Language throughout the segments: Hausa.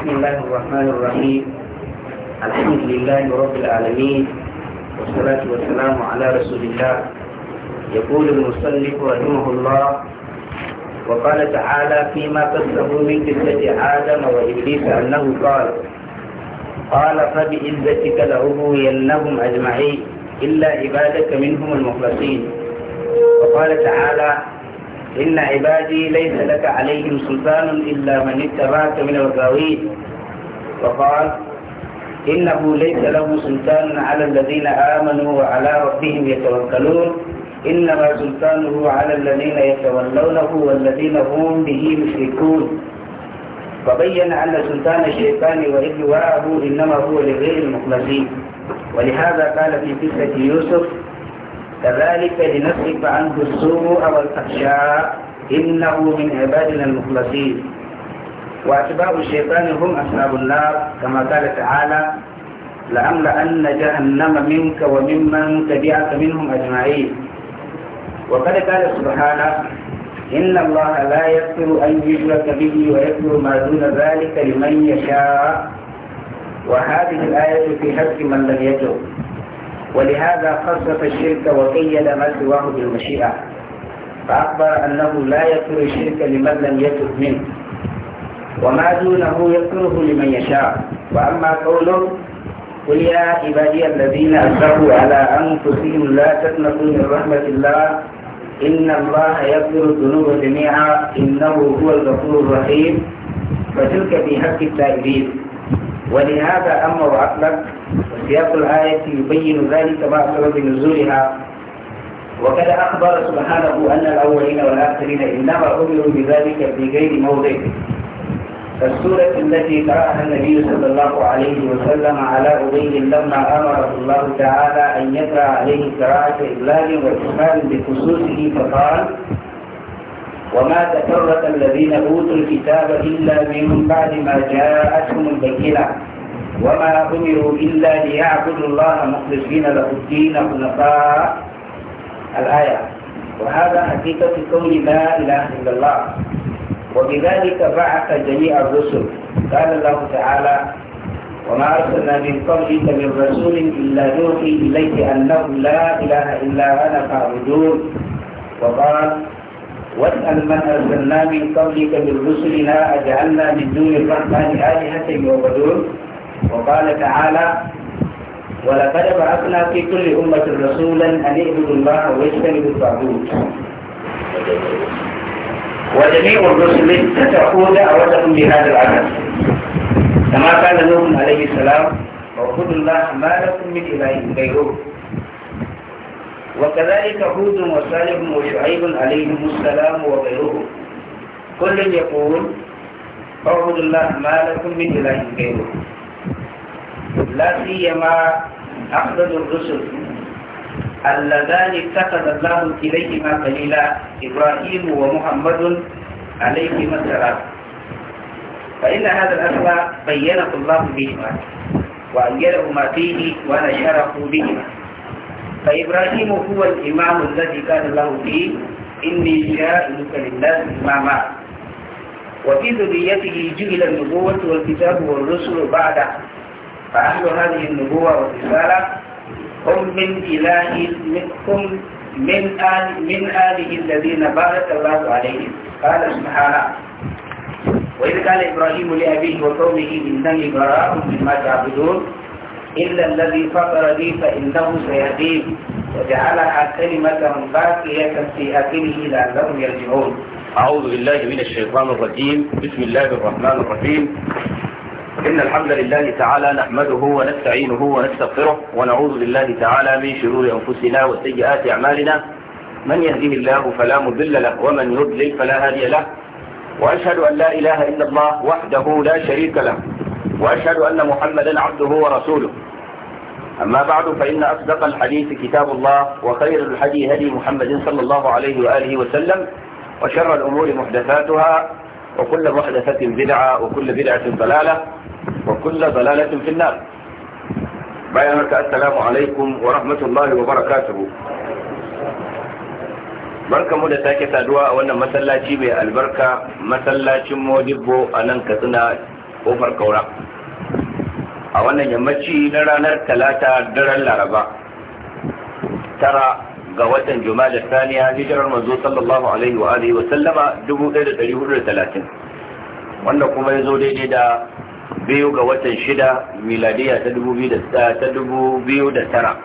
بسم الله الرحمن الرحيم الحمد لله رب العالمين والصلاة والسلام على رسول الله يقول المصنف رحمه الله وقال تعالى فيما قصه من قصة آدم وإبليس أنه قال قال فبعزتك لأغوينهم أجمعين إلا عبادك منهم المخلصين وقال تعالى إن عبادي ليس لك عليهم سلطان إلا من اتبعك من الغاوين وقال إنه ليس له سلطان على الذين آمنوا وعلى ربهم يتوكلون إنما سلطانه على الذين يتولونه والذين هم به مشركون فبين أن سلطان الشيطان وإجواءه إنما هو لغير المخلصين ولهذا قال في قصة يوسف كذلك لنصرف عنه السوء والفحشاء إنه من عبادنا المخلصين وأتباع الشيطان هم أصحاب النار كما قال تعالى لأملأن جهنم منك وممن تبعك منهم أجمعين وقد قال سبحانه إن الله لا يغفر أن يشرك به ويغفر ما دون ذلك لمن يشاء وهذه الآية في حق من لم يجب ولهذا خصف الشرك وقيد ما سواه بالمشيئة فأخبر أنه لا يكره الشرك لمن لم يتب منه وما دونه يكره لمن يشاء وأما قوله قل يا عبادي الذين أسرفوا على أنفسهم لا تقنطوا من رحمة الله إن الله يغفر الذنوب جميعا إنه هو الغفور الرحيم فتلك في حق التائبين ولهذا أمر أطلق سياق الآية يبين ذلك مع سبب نزولها وقد أخبر سبحانه أن الأولين والآخرين إنما أمروا بذلك في غير موضع فالسورة التي قرأها النبي صلى الله عليه وسلم على أبي لما أمره الله تعالى أن يقرأ عليه قراءة إبلاغ وإخبار بخصوصه فقال وما تفرق الذين أوتوا الكتاب إلا من بعد ما جاءتهم البينة وما أمروا إلا ليعبدوا الله مخلصين له الدين خلفاء الآية وهذا حقيقة كون لا إله إلا الله وبذلك بعث جميع الرسل قال الله تعالى وما أرسلنا من قبلك من رسول إلا نوحي إليه أنه لا إله إلا أنا فاعبدون وقال واسأل من أرسلنا من قبلك من رسلنا أجعلنا من دون الرحمن آلهة يعبدون وقال تعالى ولقد بعثنا في كل أمة رسولا أن اعبدوا الله واجتنبوا الطاغوت وجميع الرسل اتفقوا دعوتهم بهذا العمل كما قال نوح عليه السلام واعبدوا الله ما لكم من إله غيره وكذلك هود وصالح وشعيب عليهم السلام وغيرهم كل يقول اعبدوا الله ما لكم من اله غيره لا سيما افضل الرسل اللذان اتخذ الله اليهما قليلا ابراهيم ومحمد عليهما السلام فان هذا الاثر بينه الله بهما ما فيه ونشره بهما فإبراهيم هو الإمام الذي كان له في إني جائلك للناس إماما وفي ذريته جهل النبوة والكتاب والرسل بعده فأهل هذه النبوة والرسالة هم من إله هم من آل من آله الذين بارك الله عليهم قال سبحانه وإذ قال إبراهيم لأبيه وقومه إنني براء مما تعبدون إلا الذي فطر لي فإنه سيهديه وجعلها كلمة باقية في أكله لأنهم يرجعون أعوذ بالله من الشيطان الرجيم بسم الله الرحمن الرحيم إن الحمد لله تعالى نحمده ونستعينه ونستغفره ونعوذ بالله تعالى من شرور أنفسنا وسيئات أعمالنا من يهده الله فلا مضل له ومن يضلل فلا هادي له وأشهد أن لا إله إلا الله وحده لا شريك له وأشهد أن محمدا عبده ورسوله أما بعد فإن أصدق الحديث كتاب الله وخير الحديث هدي محمد صلى الله عليه وآله وسلم وشر الأمور محدثاتها وكل محدثة بدعة وكل بدعة ضلالة وكل ضلالة في النار بيانك السلام عليكم ورحمة الله وبركاته barka mu da sake saduwa a wannan masallaci mai albarka masallacin modibbo a nan katsina kofar kaura a wannan yammaci na ranar talata daren laraba tara ga watan juma'a da saniya hijirar manzo sallallahu alaihi wa alihi wa sallama 1430 wanda kuma ya zo daidai da biyu ga watan shida miladiya ta 2009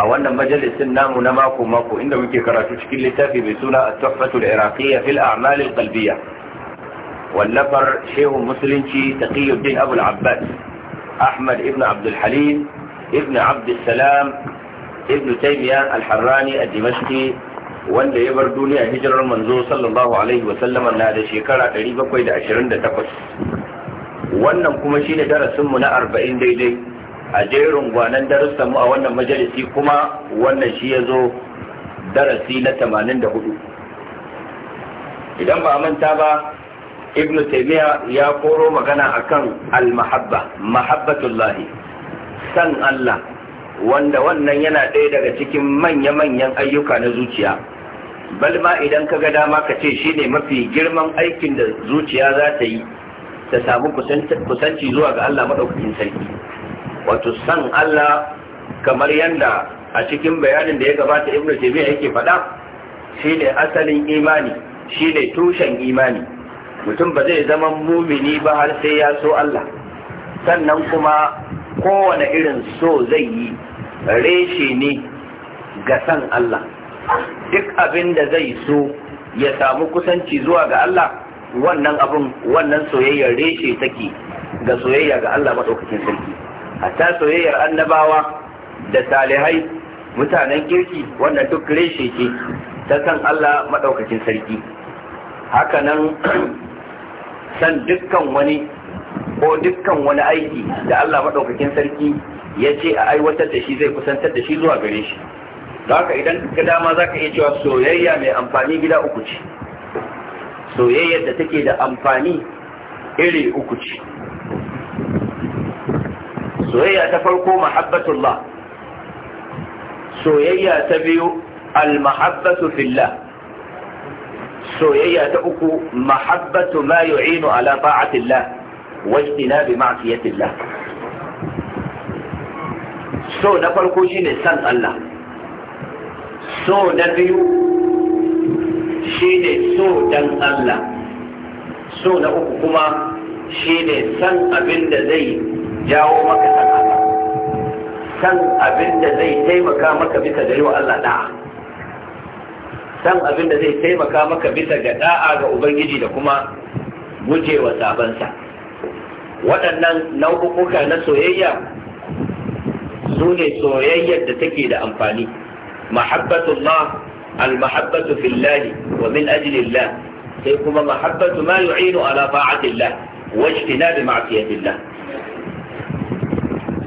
a wannan majalisin namu na mako mako inda muke karatu cikin littafi mai suna at-tuhfatul iraqiyya fil a'mal al-qalbiyya wallafar shehun musulunci taqiyuddin abul abbas ahmad ibn abdul halim ibn abdul ibn taymiya al-harrani ad wanda ya bar duniya hijirar manzo sallallahu alaihi wa sallama na da shekara 728 wannan kuma shi darasin mu na 40 daidai a jerin gwanan darussan mu a wannan majalisi kuma wannan shi ya zo darasi na 84 idan ba manta ba ibnu taimiyya ya koro magana akan al-mahabba mahabbatullahi san Allah wanda wannan yana ɗaya daga cikin manya-manyan ayyuka na zuciya bal ma idan ka ga dama ka ce shine mafi girman aikin da zuciya za ta yi ta samu kusanci zuwa ga Allah maɗaukakin sarki wato san Allah kamar yanda a cikin bayanin da ya gabata ibnu taymiya yake faɗa shine asalin imani shine tushen imani mutum ba zai zama mumini ba har sai ya so Allah sannan kuma kowane irin so zai yi reshe ne ga san Allah duk abin da zai so ya samu kusanci zuwa ga Allah wannan abin wannan soyayyar reshe take ga soyayya ga Allah maɗaukakin sarki hatta soyayyar annabawa da salihai mutanen kirki wannan duk reshe ce ta san Allah maɗaukakin sarki hakanan san dukkan wani ko dukkan wani aiki da Allah maɗaukakin sarki ya ce a aiwatar da shi zai kusantar da shi zuwa gare shi don haka idan ka dama za ka iya cewa soyayya mai amfani gida uku ce soyayyar da take da amfani iri uku ce soyayya ta farko mahabbatullah soyayya ta biyu al-mahabbatu fillah soyayya ta uku mahabbatu ma yu'inu ala ta'atillah wa ijtinabi ma'siyatillah so na farko shine san Allah so na biyu shine so dan Allah so na uku kuma shine san abin da zai jawo maka san Allah san abin da zai taimaka maka bisa da yi wa Allah da'a san abin da zai taimaka maka bisa ga da'a ga ubangiji da kuma gujewa sabansa waɗannan nau'uka na soyayya su ne soyayyar da take da amfani mahabbatullah al-mahabbatu fillahi wa min ajlillah sai kuma mahabbatu ma yu'inu ala fa'atillah wa ijtinabi ma'siyatillah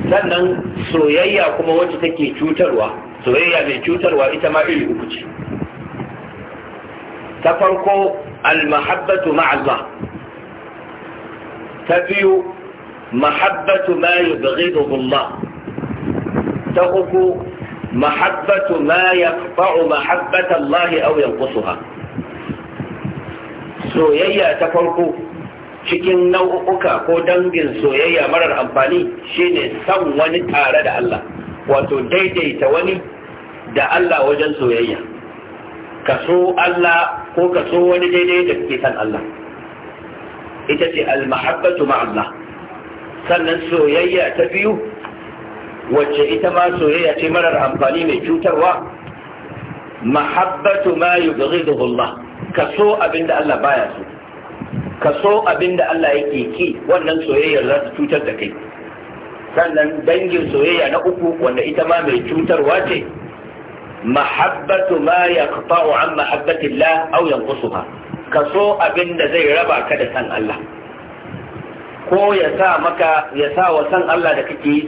sannan soyayya kuma wacce take cutarwa soyayya mai cutarwa ita ma iri uku ce ta farko almahabbatu ma'azza ta biyu mahabbatu ma yubghiduhu Allah ta uku mahabbatu ma yaqta'u mahabbata Allah aw yanqusuha soyayya ta farko cikin nau'uka ko dangin soyayya marar amfani shine san wani tare da Allah wato daidaita wani da Allah wajen soyayya ka so Allah ko ka so wani daidai da kake san Allah ita ce al-mahabbatu ma Allah sannan soyayya ta biyu wacce ita ma soyayya ce marar amfani mai cutarwa mahabbatu ma yubghiduhu Allah ka so abinda Allah baya so ka so abinda Allah yake ki wannan soyayyar za ta cutar da kai sannan dangin soyayya na uku wanda ita ma mai cutarwa ce mahabbatu ma yaqta'u an mahabbatillah aw yanqusuha kaso abin zai raba ka da san Allah ko ya sa maka ya sa wa san Allah da kake yi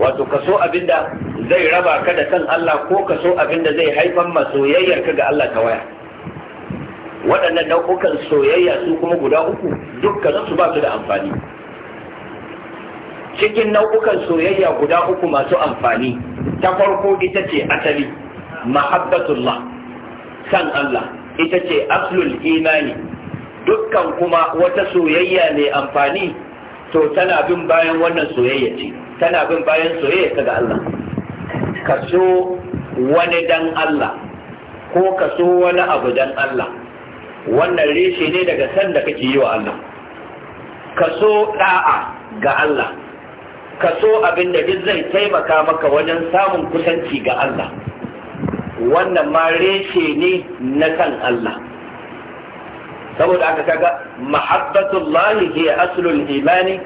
wato kaso abin da zai raba ka da san Allah ko kaso abin da zai haifan ma soyayyar ka ga Allah waya? waɗannan nau'ukan soyayya su kuma guda uku dukkanin su ba su da amfani cikin nau'ukan soyayya guda uku masu amfani ta farko ita ce asali mahabbatullah san Allah ita ce aslul imani dukkan kuma wata soyayya mai amfani to tana bin bayan wannan soyayya ce tana bin bayan soyayya ta ga Allah ka so wani dan Allah ko ka so wani abu dan Allah wannan reshe ne daga san da kake yi wa Allah ka so da'a ga Allah ka so abin da duk zai taimaka maka wajen samun kusanci ga Allah wannan ma reshe ne na kan Allah saboda aka kaga mahabbatullahi hiya aslul imani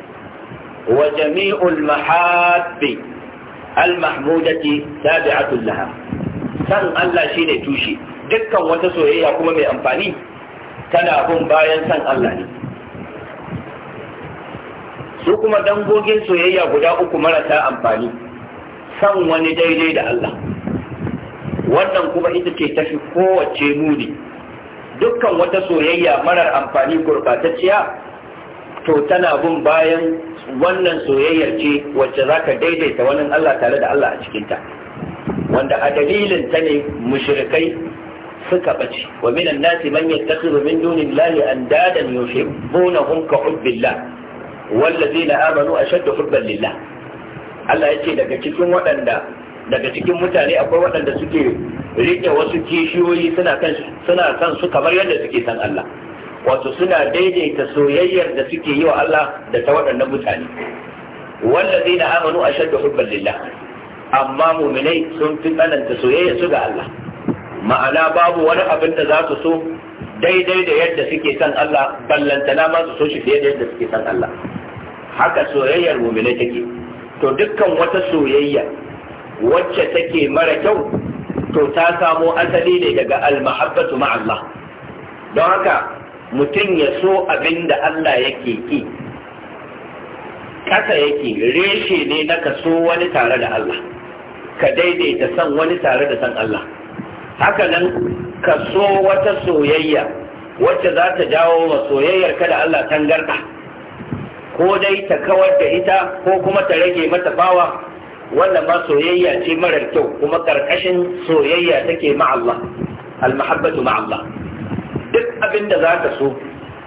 wa jami'ul mahabbi al mahmudati tabi'atul laha san Allah shine tushe dukkan wata soyayya kuma mai amfani tana bin bayan san Allah ne su kuma dangogin soyayya guda uku marasa amfani san wani daidai da Allah wannan kuma ita ce tafi kowace nuni, dukkan wata soyayya marar amfani gurbatacciya to tana bin bayan wannan soyayyar ce wacce za ka daidaita wani Allah tare da Allah a cikinta wanda a dalilin ta ne mushrikai suka ɓace wa minan nasi man yattakhidhu min dunillahi andadan yuhibbunahum ka hubbillah wallazina amanu ashaddu hubban lillah Allah yace daga cikin waɗanda daga cikin mutane akwai waɗanda suke rike wasu kishiyoyi suna kan suna san su kamar yadda suke san Allah wato suna daidaita soyayyar da suke yi wa Allah da ta waɗannan mutane wallazina amanu ashaddu hubban lillah amma mu'minai sun fi tsananta soyayya su ga Allah ma'ana babu wani abin da za su so daidai da yadda suke san Allah ballantana ma su so shi fiye da yadda suke san Allah haka soyayyar mu'mina take to dukkan wata soyayya wacce take mara kyau to ta samo asali ne daga al ma Allah don haka mutum ya so abin da Allah yake ki kasa yake reshe ne na ka so wani tare da Allah ka daidaita san wani tare da san Allah haka nan ka so wata soyayya wacce za ta jawo wa soyayyar da Allah tangarda ko dai ta kawar da ita ko kuma ta rage mata bawa wannan ma soyayya ce marar kyau kuma karkashin soyayya take ma Allah almahabbatu ma Allah duk abin da za ka so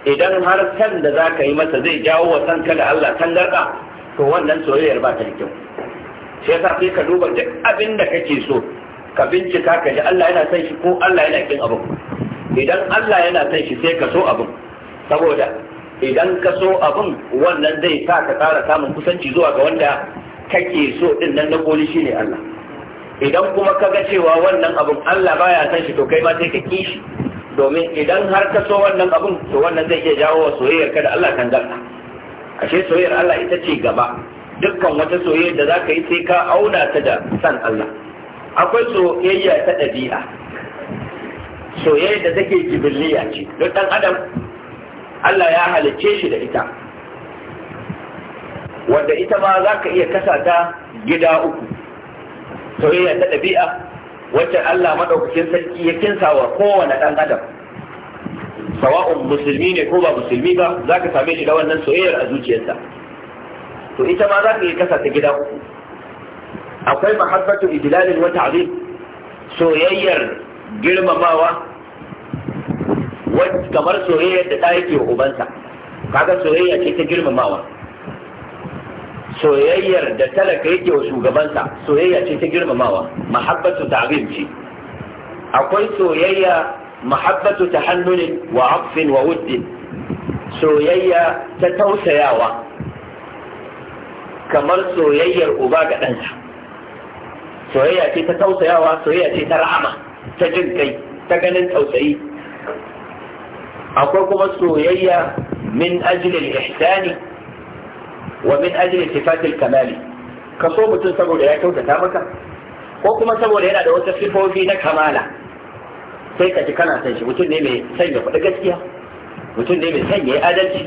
idan har san da za ka yi masa zai jawo wa san kada Allah tangarda to wannan soyayyar ba ta da kyau sai sai ka duba duk abin da kake so ka bincika ka ji Allah yana son shi ko Allah yana kin abin idan Allah yana son shi sai ka so abin saboda idan ka so abin wannan zai sa ka tsara samun kusanci zuwa ga wanda kake so din nan na koli shine Allah idan kuma ka ga cewa wannan abin Allah baya son shi to kai ma sai ka ki shi domin idan har ka so wannan abin to wannan zai iya jawo wa soyayyar ka da Allah kan ganka ashe soyayyar Allah ita ce gaba dukkan wata soyayya da zaka yi sai ka auna ta da san Allah akwai soyayya ta ɗabi'a soyayya da take jibiliya ce don ɗan adam Allah ya halicce shi da ita wanda ita ma za ka iya kasa ta gida uku soyayya ta ɗabi'a wacce Allah maɗaukacin sarki ya kinsa wa kowane ɗan adam sawa'un musulmi ne ko ba musulmi ba za ka same shi da wannan soyayyar a zuciyarsa to ita ma za ka iya kasa ta gida uku akwai mahabbatu ijlalin wa ta'zim soyayyar girmamawa kamar soyayyar da ta yake wa ubansa kaga soyayya ce ta girmamawa soyayyar da talaka yake wa shugabansa soyayya ce ta girmamawa mahabbatu ta'zim ce akwai soyayya mahabbatu tahannunin wa afin wa wuddin soyayya ta tausayawa kamar soyayyar uba ga ɗansa soyayya ce ta tausayawa soyayya ce ta ra'ama, ta jin kai ta ganin tausayi akwai kuma soyayya min ajlil ihsani wa min ajlil sifatil kamali ka so mutum saboda ya kyautata maka ko kuma saboda yana da wata sifofi na kamala sai ka ji kana san shi mutum ne mai sanya kuɗi gaskiya mutum ne mai sanya adalci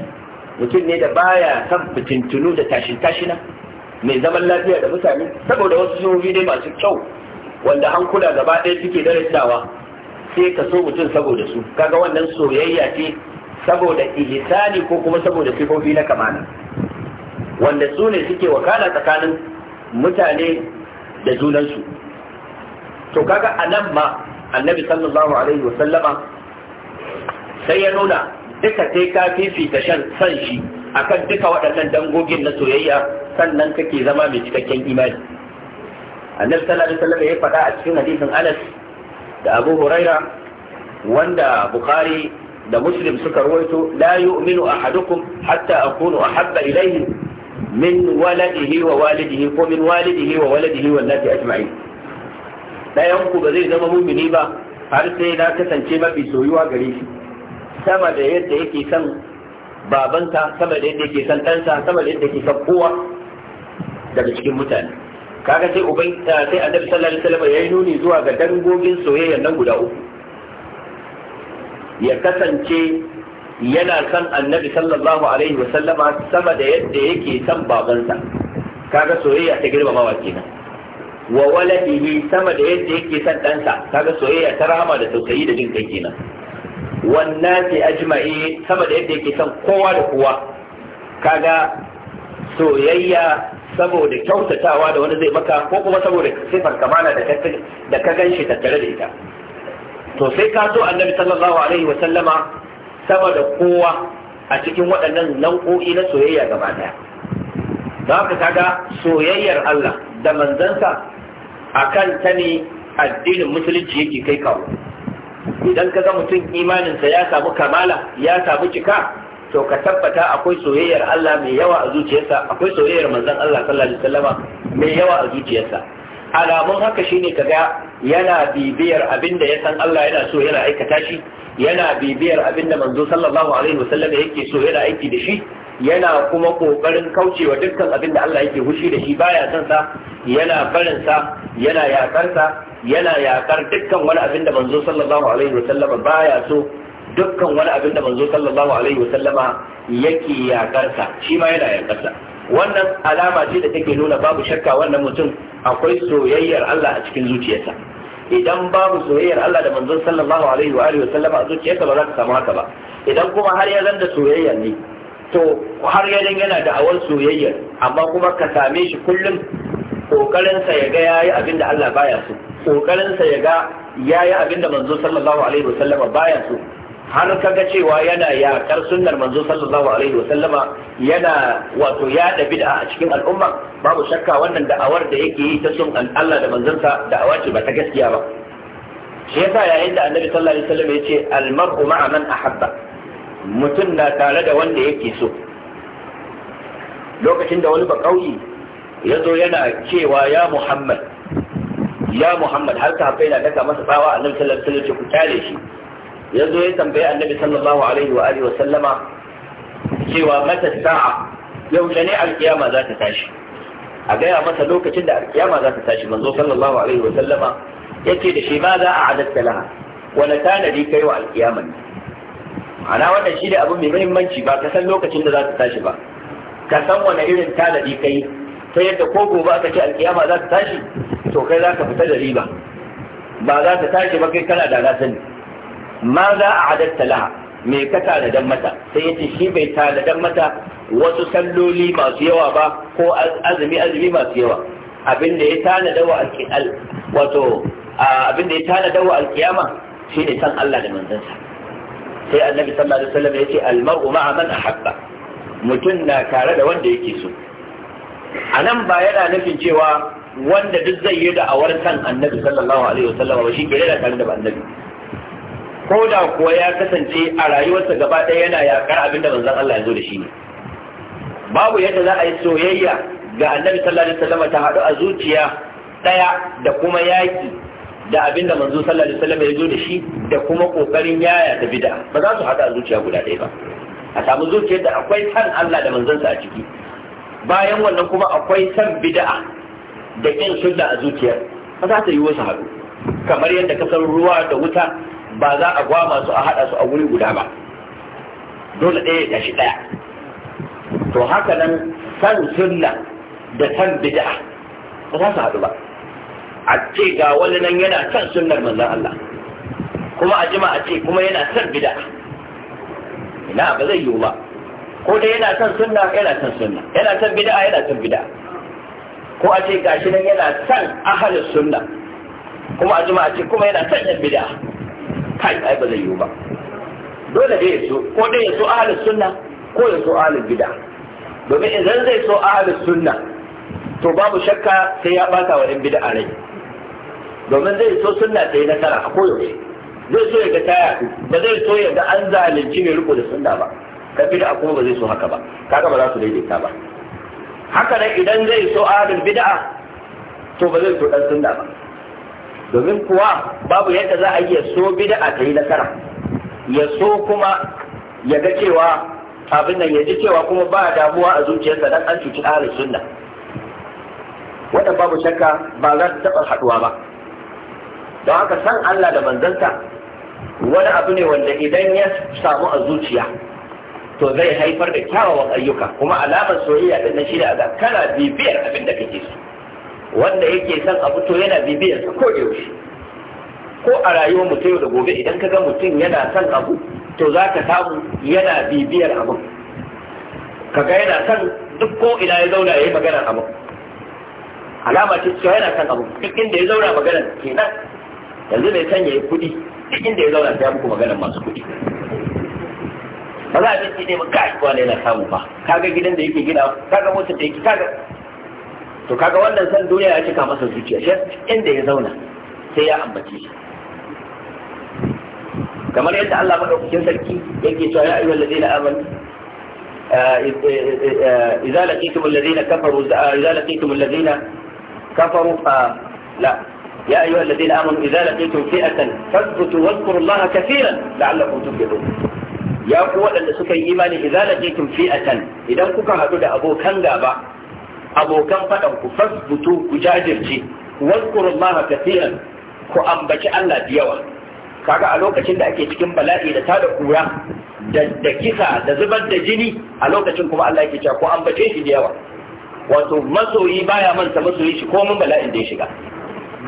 mutum ne da baya kan fitintunu da tashin tashina mai zaman lafiya da mutane saboda wasu jihohi ne masu kyau wanda hankula gaba ɗaya suke darasawa sai ka so mutum saboda su kaga wannan soyayya ce saboda ihsani ko kuma saboda sifofi na kamana wanda su ne suke wakala tsakanin mutane da junansu to kaga a nan ma annabi sallallahu alaihi wasallama sai ya nuna duka sai ka fifita shan san shi akan duka waɗannan dangogin na soyayya sannan kake zama mai cikakken imani annabi sallallahu alaihi wasallam ya faɗa a cikin hadisin Anas da Abu Huraira wanda Bukhari da Muslim suka rawaito la yu'minu ahadukum hatta akunu ahabba ilayhi min waladihi wa walidihi ko min walidihi wa waladihi wal ajma'in dayan ku ba zai zama mumini ba har sai na kasance mafi soyuwa gare shi sama da yadda yake san. babansa sama da yadda yake san ɗansa sama da yadda yake san kowa daga cikin mutane kaga sai uban eh, sai annabi sallallahu alaihi wasallam yayi nuni zuwa ga dangogin soyayya nan guda uku ya kasance yana san annabi sallallahu alaihi wasallam sama da yadda yake san babansa kaga soyayya ta girmamawa kenan wa waladihi sama da yadda yake san ɗansa kaga soyayya ta rahama da tausayi da jin kai kenan wannan ce ajma'i sama da yadda yake son kowa da kowa kaga soyayya saboda kyautatawa da wani zai maka ko kuma saboda sifar kamala da ka ganshi shi tattare da ita to sai ka zo annabi sallallahu alaihi wa sallama sama da kowa a cikin waɗannan nau'o'i na soyayya gaba daya za ka kaga soyayyar Allah da manzansa akan ta ne addinin musulunci yake kai kawo idan ka ga mutum imaninsa ya samu kamala ya samu cika to ka tabbata akwai soyayyar Allah mai yawa a zuciyarsa akwai soyayyar manzon Allah sallallahu alaihi mai yawa a zuciyarsa alamun haka shine ga yana bibiyar abin da ya san Allah yana so yana aikata shi yana bibiyar abin da manzo sallallahu alaihi wasallam yake so yana aiki da shi yana kuma kokarin kaucewa dukkan abin da Allah yake hushi da shi baya son sa yana barin sa yana yakar sa yana yakar dukkan wani abin da manzo sallallahu alaihi wasallama baya so dukkan wani abin da manzo sallallahu alaihi wasallama yake sa shi ma yana sa wannan alama ce da take nuna babu shakka wannan mutum akwai soyayyar Allah a cikin zuciyarsa idan babu soyayyar Allah da manzo sallallahu alaihi wa sallama a zuciyarsa ba za ka samu haka ba idan kuma har ya zanda soyayya ne to har ya dan yana da'awar soyayya amma kuma ka same shi kullum kokarin sa ya ga yayi abin da Allah baya so kokarin sa ya ga yayi abinda manzo sallallahu alaihi wasallama baya so har kaga cewa yana yakar sunnar manzo sallallahu alaihi wasallama yana wato yada bid'a a cikin al'umma babu shakka wannan da'awar da yake yi ta sun Allah da manzonsa da'awa ce ba ta gaskiya ba shi yasa yayin da annabi sallallahu alaihi wasallam yace al-mar'u ma'a man ahabba mutum na tare da wanda yake so lokacin da wani bakauyi ya zo yana cewa ya Muhammad ya Muhammad har ka na daka masa tsawa annabi sallallahu sallar wasallam ku tare shi yazo ya tambaye annabi sallallahu alaihi wa alihi wa sallama cewa mata sa'a yaushe ne alkiyama za ta tashi a gaya masa lokacin da alkiyama za ta tashi manzo sallallahu alaihi wa sallama yace da shi ma za a adatta laha wani tanadi kai wa alkiyama ne ana wannan shi da abu mai muhimmanci ba ka san lokacin da za ta tashi ba ka san wani irin tanadi kai ta yadda ko gobe aka ce alkiyama za ta tashi to kai za ka fita da riba ba za ta tashi ba kai kana da na sani ma za a hadatta laha me ka tanadan mata sai yace shi bai tanadan mata wasu salloli masu yawa ba ko azumi azumi masu yawa abin da ya tanada wa alƙiyal wato abin da ya tanada wa alƙiyama shine san Allah da manzansa sai annabi sallallahu alaihi wasallam yace almar'u ma'a man ahabba mutum na tare da wanda yake so anan ba yana nufin cewa wanda duk zai yi da'awar kan annabi sallallahu alaihi wasallam ba shi ke da tare da annabi ko da kuwa ya kasance a rayuwarsa gaba ɗaya yana yakar abin da manzon Allah ya zo da shi ne babu yadda za a yi soyayya ga annabi sallallahu alaihi wasallam ta hadu a zuciya ɗaya da kuma yaki da abin da manzo sallallahu alaihi wasallam ya zo da shi da kuma kokarin yaya da bid'a ba za su haɗu a zuciya guda ɗaya ba a samu zuciyar da akwai san Allah da sa a ciki bayan wannan kuma akwai san bid'a da ƙin sunna a zuciyar ba za ta yi wasu haɗu kamar yadda kasar ruwa da wuta ba za a gwama su a haɗa su a wuri guda ba dole ɗaya ya shi ɗaya to haka nan san sunna da san bid'a ba za su haɗu ba a ce ga wani nan yana san sunnar manzon Allah kuma a jima a ce kuma yana san bid'a ina ba zai yiwu ba ko dai yana san sunna yana san sunna yana san bid'a yana san bid'a ko a ce gashi nan yana san ahalus sunna kuma a juma'a ce kuma yana san yan bid'a kai ai ba zai yiwu ba dole dai ya so ko dai ya so sunna ko ya so bid'a domin idan zai so ahalus sunna to babu shakka sai ya bata wa yan bid'a rai domin zai so sunna ta yi nasara a koyaushe zai so ya ga taya ba zai so ya ga an zalunci mai riko da sunna ba ka da kuma ba zai so haka ba kaga ba za su daidaita ba haka da idan zai so adin bid'a to ba zai so sunna ba domin kuwa babu yadda za a iya so bid'a ta yi nasara ya so kuma ya ga cewa abin nan ya ji cewa kuma ba damuwa a zuciyarsa dan an cuci ahlul sunna Wanda babu shakka ba za ta taɓa haɗuwa ba don haka san Allah da manzanta wani abu ne wanda idan ya samu a zuciya to zai haifar da kyawawan ayyuka kuma alamar soyayya da nan shine ga kana bibiyar abin da kake so wanda yake son abu to yana bibiyar sa ko yaushe ko a rayuwar mutum ta yau da gobe idan ka ga mutum yana son abu to za ka samu yana bibiyar abin kaga yana son duk ko ina ya zauna ya yi maganar abin alama ce cewa yana son abu duk inda ya zauna maganar kenan yanzu mai son ya yi kuɗi duk inda ya zauna sai ya muku maganar masu kuɗi ba za a ce ne ba kai wani yana samu ba kaga gidan da yake gina kaga motar da yake kaga to kaga wannan san duniya ya cika masa zuciya shi inda ya zauna sai ya ambace shi kamar yadda Allah madaukakin sarki yake cewa ya ayyuhal ladina amanu إذا لقيتم الذين كفروا إذا لقيتم الذين كفروا لا يا أيها الذين آمنوا إذا لقيتم فئة فاثبتوا واذكروا الله كثيرا لعلكم تفلحون ya ku waɗanda suka yi imani idza laqitum fi'atan idan kuka haɗu da abokan gaba abokan faɗan ku fasbutu ku jajirce wadkurullaha katiran ku ambaci Allah da yawa kaga a lokacin da ake cikin bala'i da tada kura da kisa da zubar da jini a lokacin kuma Allah yake cewa ku ambace shi da yawa wato masoyi baya manta masoyi shi ko mun bala'in da ya shiga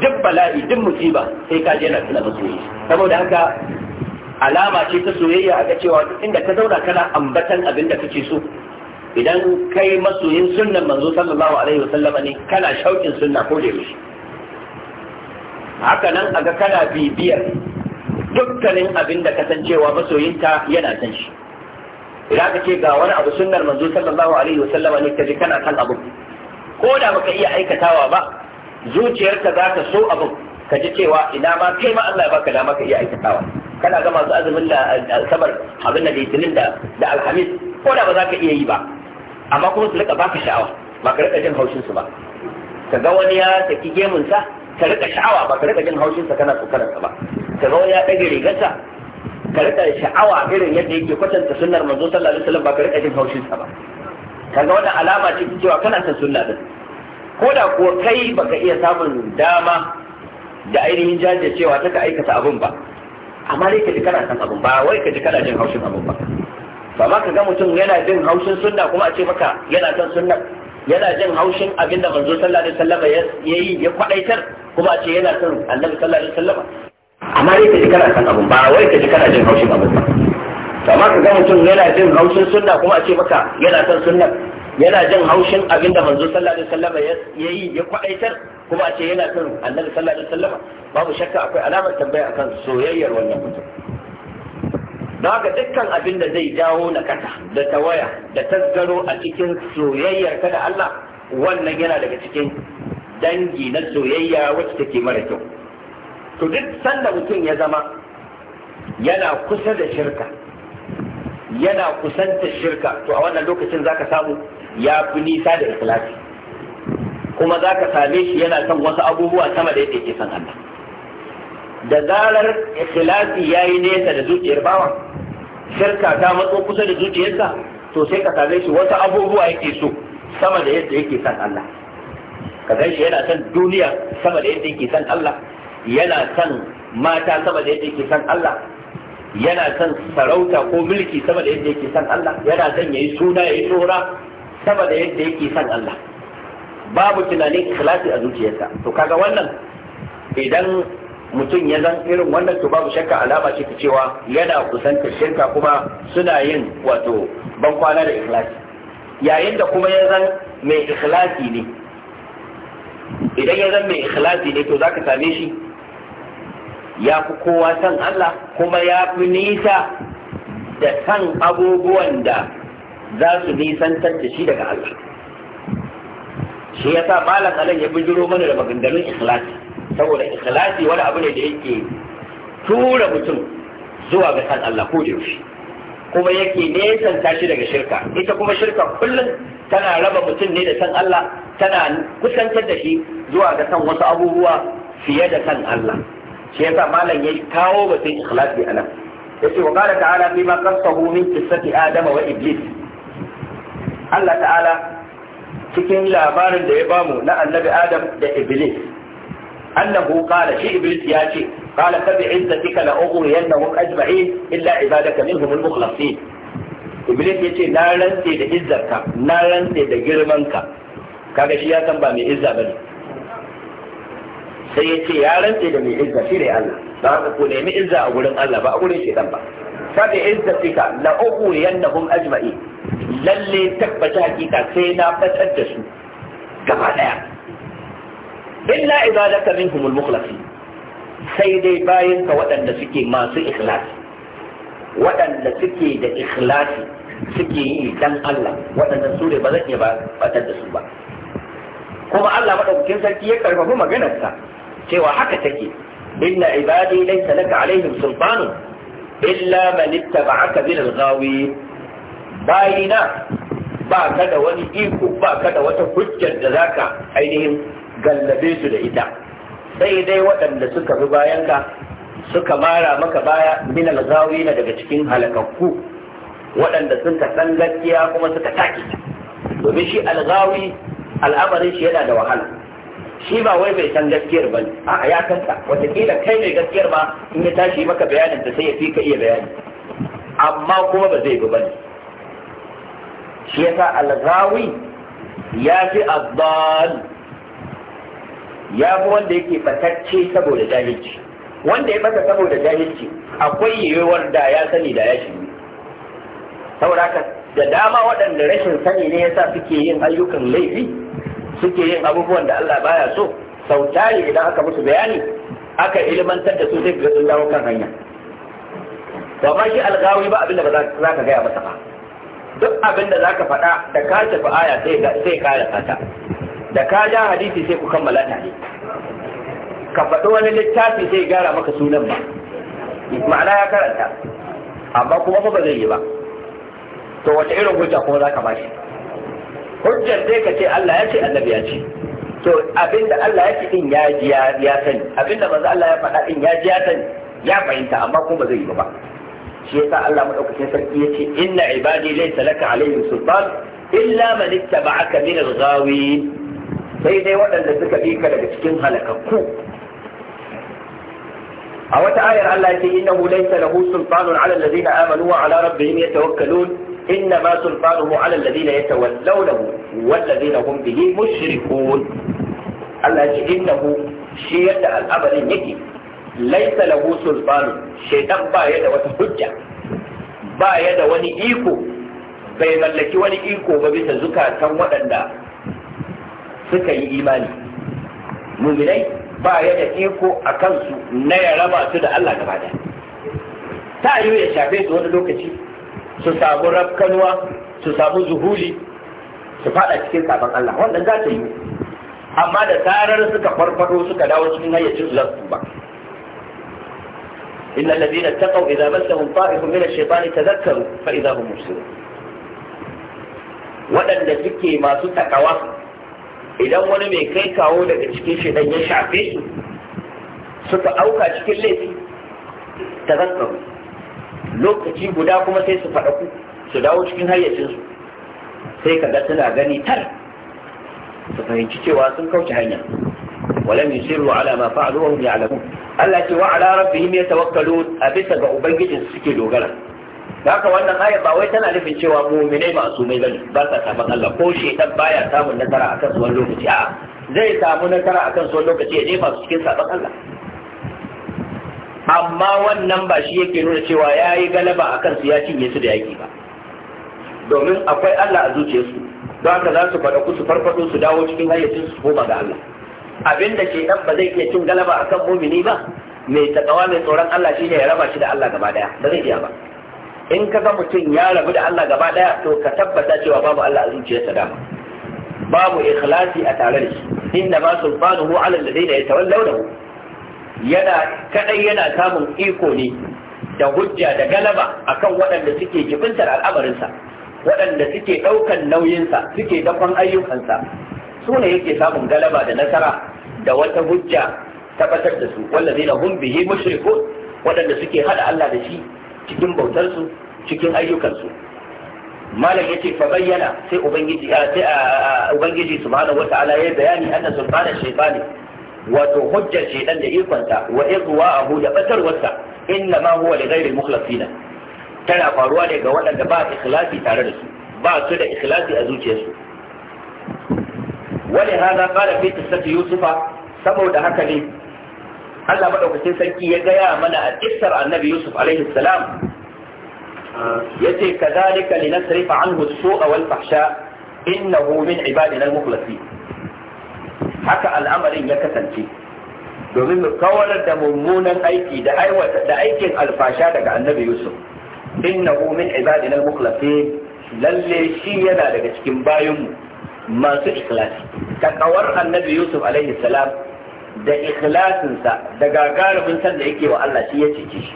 duk bala'i duk musiba sai ka je na tuna masoyi saboda haka alama ce ta soyayya ga cewa duk inda ka zauna kana ambatan abin da kake so idan kai masoyin sunnan manzo sallallahu alaihi wasallama ne kana shaukin sunna ko da yaushe haka nan aga kana bibiyar dukkanin abin da kasancewa masoyinta yana san shi idan ka ce ga wani abu sunnar manzo sallallahu alaihi wasallama ne kaje kana kan abu ko da baka iya aikatawa ba zuciyarka za ta so abu ka ji cewa ina ma kai ma Allah ya baka dama ka iya aikatawa kana ga masu azumin da asabar abin da litinin da da alhamis ko da ba za ka iya yi ba amma kuma su rika baka sha'awa ba ka rika jin haushin su ba ka ga wani ya saki gemun sa ka rika sha'awa ba ka rika jin haushin sa kana tsokanar sa ba ka ga wani ya dage rigarsa ka rika sha'awa irin yadda yake kwatanta sunnar manzo sallallahu alaihi wasallam ba ka rika jin haushin sa ba ka ga wani alama ce cewa kana son sunna din ko da kuwa kai baka iya samun dama da ainihin jajircewa ta ka aikata abin ba amma dai ka ji kana san abun ba wai ka ji kana jin haushin abun ba ba ma ka ga mutum yana jin haushin sunna kuma a ce maka yana son sunna yana jin haushin abin da manzo sallallahu alaihi wasallam ya yi ya kwadaitar kuma a ce yana son annabi sallallahu alaihi wasallam amma dai ka ji kana san abun ba wai ka ji kana jin haushin abun ba ba ma ka ga mutum yana jin haushin sunna kuma a ce maka yana son sunna yana jin haushin abin da manzo sallallahu alaihi wasallam ya yi ya kwadaitar kuma a ce yana kan annabi sallallahu alaihi wasallam babu shakka akwai alamar tambaya akan soyayyar wannan mutum don haka dukkan abin da zai jawo na kasa da tawaya da tasgaro a cikin soyayyar ka da Allah wannan yana daga cikin dangi na soyayya wacce take mara kyau to duk sanda mutum ya zama yana kusa da shirka yana kusanta shirka to a wannan lokacin zaka samu ya fi nisa da ikhlasi kuma za ka same shi yana son wasu abubuwa sama da yadda yake son Allah da zarar ikhlasi yi nesa da zuciyar bawa shirka ta matso kusa da zuciyarsa to sai ka same shi wasu abubuwa yake so sama da yadda yake son Allah ka san shi yana son duniya sama da yadda yake son Allah yana son mata sama da yadda yake son Allah yana son sarauta ko mulki sama da yadda yake son Allah yana son yayi suna yayi tsora sama da yadda yake son Allah babu tunanin ikhlasi a zuciyarsa to kaga wannan idan mutum ya zan irin wannan to babu shakka alama ce ta cewa yana kusantar shirka kuma suna yin wato ban kwana da ikhlasi yayin da kuma ya zan mai ikhlasi ne idan ya zan mai ikhlasi ne to zaka same shi ya fi kowa san Allah kuma ya fi nisa da san abubuwan da za su nisantar da shi daga Allah shi yasa malam alan ya bijiro mana da maganganun ikhlasi saboda ikhlasi wani abu ne da yake tura mutum zuwa ga san Allah ko da yaushe kuma yake nesanta shi daga shirka ita kuma shirka kullum tana raba mutum ne da san Allah tana kusantar da shi zuwa ga san wasu abubuwa fiye da san Allah shi yasa malam ya kawo batun ikhlasi a nan yace wa qala ta'ala bima qasahu min qissati adama wa iblis Allah ta'ala cikin labarin da ya bamu na annabi adam da iblis annahu qala shi iblis ya ce qala fa bi'izzatika la ughwiyannahum ajma'in illa ibadaka minhum al-mukhlasin iblis yace na rantse da izzarka na rantse da girmanka kaga shi ya san ba mai izza bane sai yace ya rantse da mai izza shi ne Allah ba haka ko nemi izza a gurin Allah ba a gurin shedan ba fa bi'izzatika la ughwiyannahum ajma'in lalle tabbata hakika sai na batar da su gaba daya illa ibadaka minhumul mukhlasin sai dai bayan ka waɗanda suke masu ikhlasi waɗanda suke da ikhlasi suke yi dan Allah waɗanda su ne ba zan iya batar da su ba kuma Allah madaukakin sarki ya karfafi maganarsa cewa haka take inna ibadi laysa laka alaihim sultanun illa man ittaba'aka min al-ghawi bayina ba ka da wani iko ba ka da wata hujjar da za ka ainihin gallabe su da ita sai dai waɗanda suka bi bayan ka suka mara maka baya min algawina daga cikin halakakku waɗanda sun ka san gaskiya kuma suka take domin shi alzawi al'amarin shi yana da wahala shi ba wai bai san gaskiyar ba a ya kanta wataƙila kai mai gaskiyar ma in ya tashi maka bayanin da sai ya fi ka iya bayani amma kuma ba zai bi ba ne shi yasa alghawi ya fi addal ya fi wanda yake batacce saboda jahilci wanda ya bata saboda jahilci akwai yiwuwar da ya sani da ya shiri saboda haka da dama waɗanda rashin sani ne yasa suke yin ayyukan laifi suke yin abubuwan da Allah baya so sau tari idan aka musu bayani aka ilmantar da su zai ga sun dawo kan hanya to amma shi algawi ba abin da ba za ka gaya masa ba duk abin da zaka faɗa da ka tafi aya sai ka rasa ta da ka ja hadisi sai ku kammala tare ka faɗi wani littafi sai gara maka sunan ba ma'ana ya karanta amma kuma fa ba zai yi ba to wace irin hujja kuma za ka ba shi hujjar dai ka ce Allah ya ce annabi ya ce to abinda Allah ya ce din ya ji ya sani abinda manzo Allah ya faɗa din ya ji ya sani ya fahimta amma kuma ba zai yi ba shi yasa Allah madaukakin sarki yace inna ibadi laysa laka alaihim sultan illa man ittaba'aka min al-ghawin sai dai waɗanda suka bi ka daga cikin halakakku a wata ayar Allah yace innahu laysa lahu sultanun ala alladhina amanu wa ala rabbihim yatawakkalun inna ma sultanuhu ala alladhina yatawallawnahu walladhina hum bihi mushrikun Allah yace innahu shi yadda al'amarin yake laisa lahu sulbanu shaitan ba ya da wata hujja ba ya da wani iko bai mallaki wani iko ba bisa zukatan waɗanda suka yi imani muminai ba ya da iko a kansu na ya raba su da Allah gaba da ta yi ya shafe su wani lokaci su samu rafkanuwa su samu zuhuli su fada cikin sabon Allah wannan za ta yi amma da tarar suka farfado suka dawo cikin hayyacin zuwa za su ba إلا الذين اتقوا إذا مسهم طائف من الشيطان تذكروا فإذا هم مبصرون waɗanda suke masu takawa idan wani mai kai kawo daga cikin shi ya shafe su suka auka cikin laifi ta zakaru lokaci guda kuma sai su faɗaku su dawo cikin hayyacinsu sai kaga suna gani tar su fahimci cewa sun kauce hanya walam yusiru ala ma fa'alu wa hum ya'lamun Allah ce wa ala rabbihim yatawakkalun a bisa ga ubangijin suke dogara haka wannan ayat ba wai tana nufin cewa mu'minai masu mai bane ba sa samun Allah ko shedan baya samun nasara akan su wani lokaci a zai samu nasara akan su wani lokaci ya jefa su cikin sabon Allah amma wannan ba shi yake nuna cewa ya yi galaba akan su ya cinye su da yaki ba domin akwai Allah a zuciyarsu don haka za su faɗa ku su farfaɗo su dawo cikin hayyacinsu su koma ga Allah Abin ke ke ba zai iya cin galaba kan mumini ba mai takawa mai tsoron Allah shi ne ya raba shi da Allah gaba daya ba zai iya ba in ka ga mutum ya rabu da Allah gaba daya to ka tabbata cewa babu Allah a zuciyarsa dama babu ikhlasi a tare da shi inda ba ma sulfanuhu ala alladhina mu yana Kaɗai yana samun iko ne da hujja da galaba akan waɗanda suke jibintar al'amarinsa waɗanda suke ɗaukan nauyinsa suke dakon ayyukansa su ne yake samun galaba da nasara da wata hujja tabbatar da su wallazina hum bihi mushrikun waɗanda suke hada Allah da shi cikin bautar su cikin ayyukansu. Malam malam yace fa bayyana sai ubangiji sai ubangiji subhanahu wataala ya bayani anna sultana shaytani wato hujjar shaytan da ikonta wa igwa'ahu da batarwarsa inna ma huwa li ghairi mukhlasina tana faruwa ne ga waɗanda ba ikhlasi tare da su ba su da ikhlasi a zuciyarsu ولهذا قال في قصة يوسف saboda haka ne Allah madaukakin sarki ya gaya mana a kissar annabi Yusuf alaihi salam yace kadhalika linasrifa anhu as-su'a wal fahsha innahu min ibadina al-mukhlasin haka al'amarin ya kasance domin mu kawar da mummunan aiki da aiwata da aikin alfasha daga annabi Yusuf innahu min ibadina al-mukhlasin lalle shi yana daga cikin bayanmu masu ikhlasi takawar annabi Yusuf alaihi salam da ikhlasinsa da gagarumin san da yake wa Allah shi ya cece shi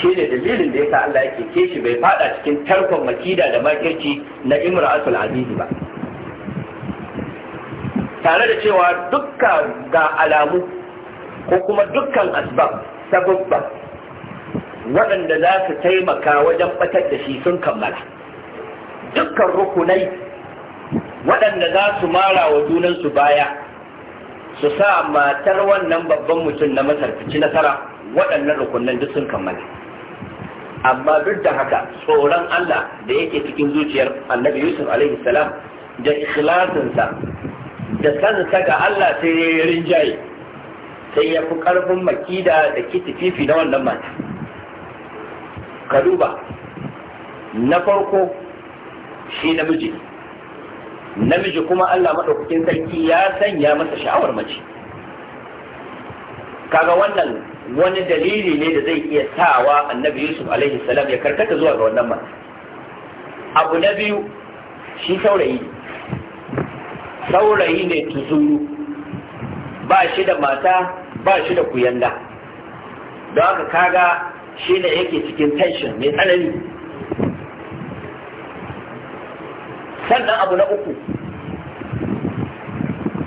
shi ne dalilin da yasa Allah yake ke shi bai fada cikin tarkon makida da makirci na imra'atul azizi ba tare da cewa dukkan ga alamu ko kuma dukkan asbab sababba waɗanda za su taimaka wajen batar da shi sun kammala dukkan rukunai waɗanda za su mara wa junansu baya su sa matar wannan babban mutum na masar fici nasara waɗannan rukunan duk sun kammala amma duk da haka tsoron Allah da yake cikin zuciyar annabi Yusuf alaihi salam da ikhlasinsa da sansa ga Allah sai ya rinjaye sai ya fi ƙarfin makida da kitififi na wannan mata ka duba na farko shi namiji namiji kuma Allah madaukakin sarki ya sanya masa sha'awar mace kaga wannan wani dalili ne da zai iya sawa annabi Yusuf alaihi salam ya karkata zuwa ga wannan mata abu na biyu shi saurayi saurayi ne tuzuru ba shi da mata ba shi da kuyanda. don haka kaga shi ne yake cikin tension mai tsanani sannan abu na uku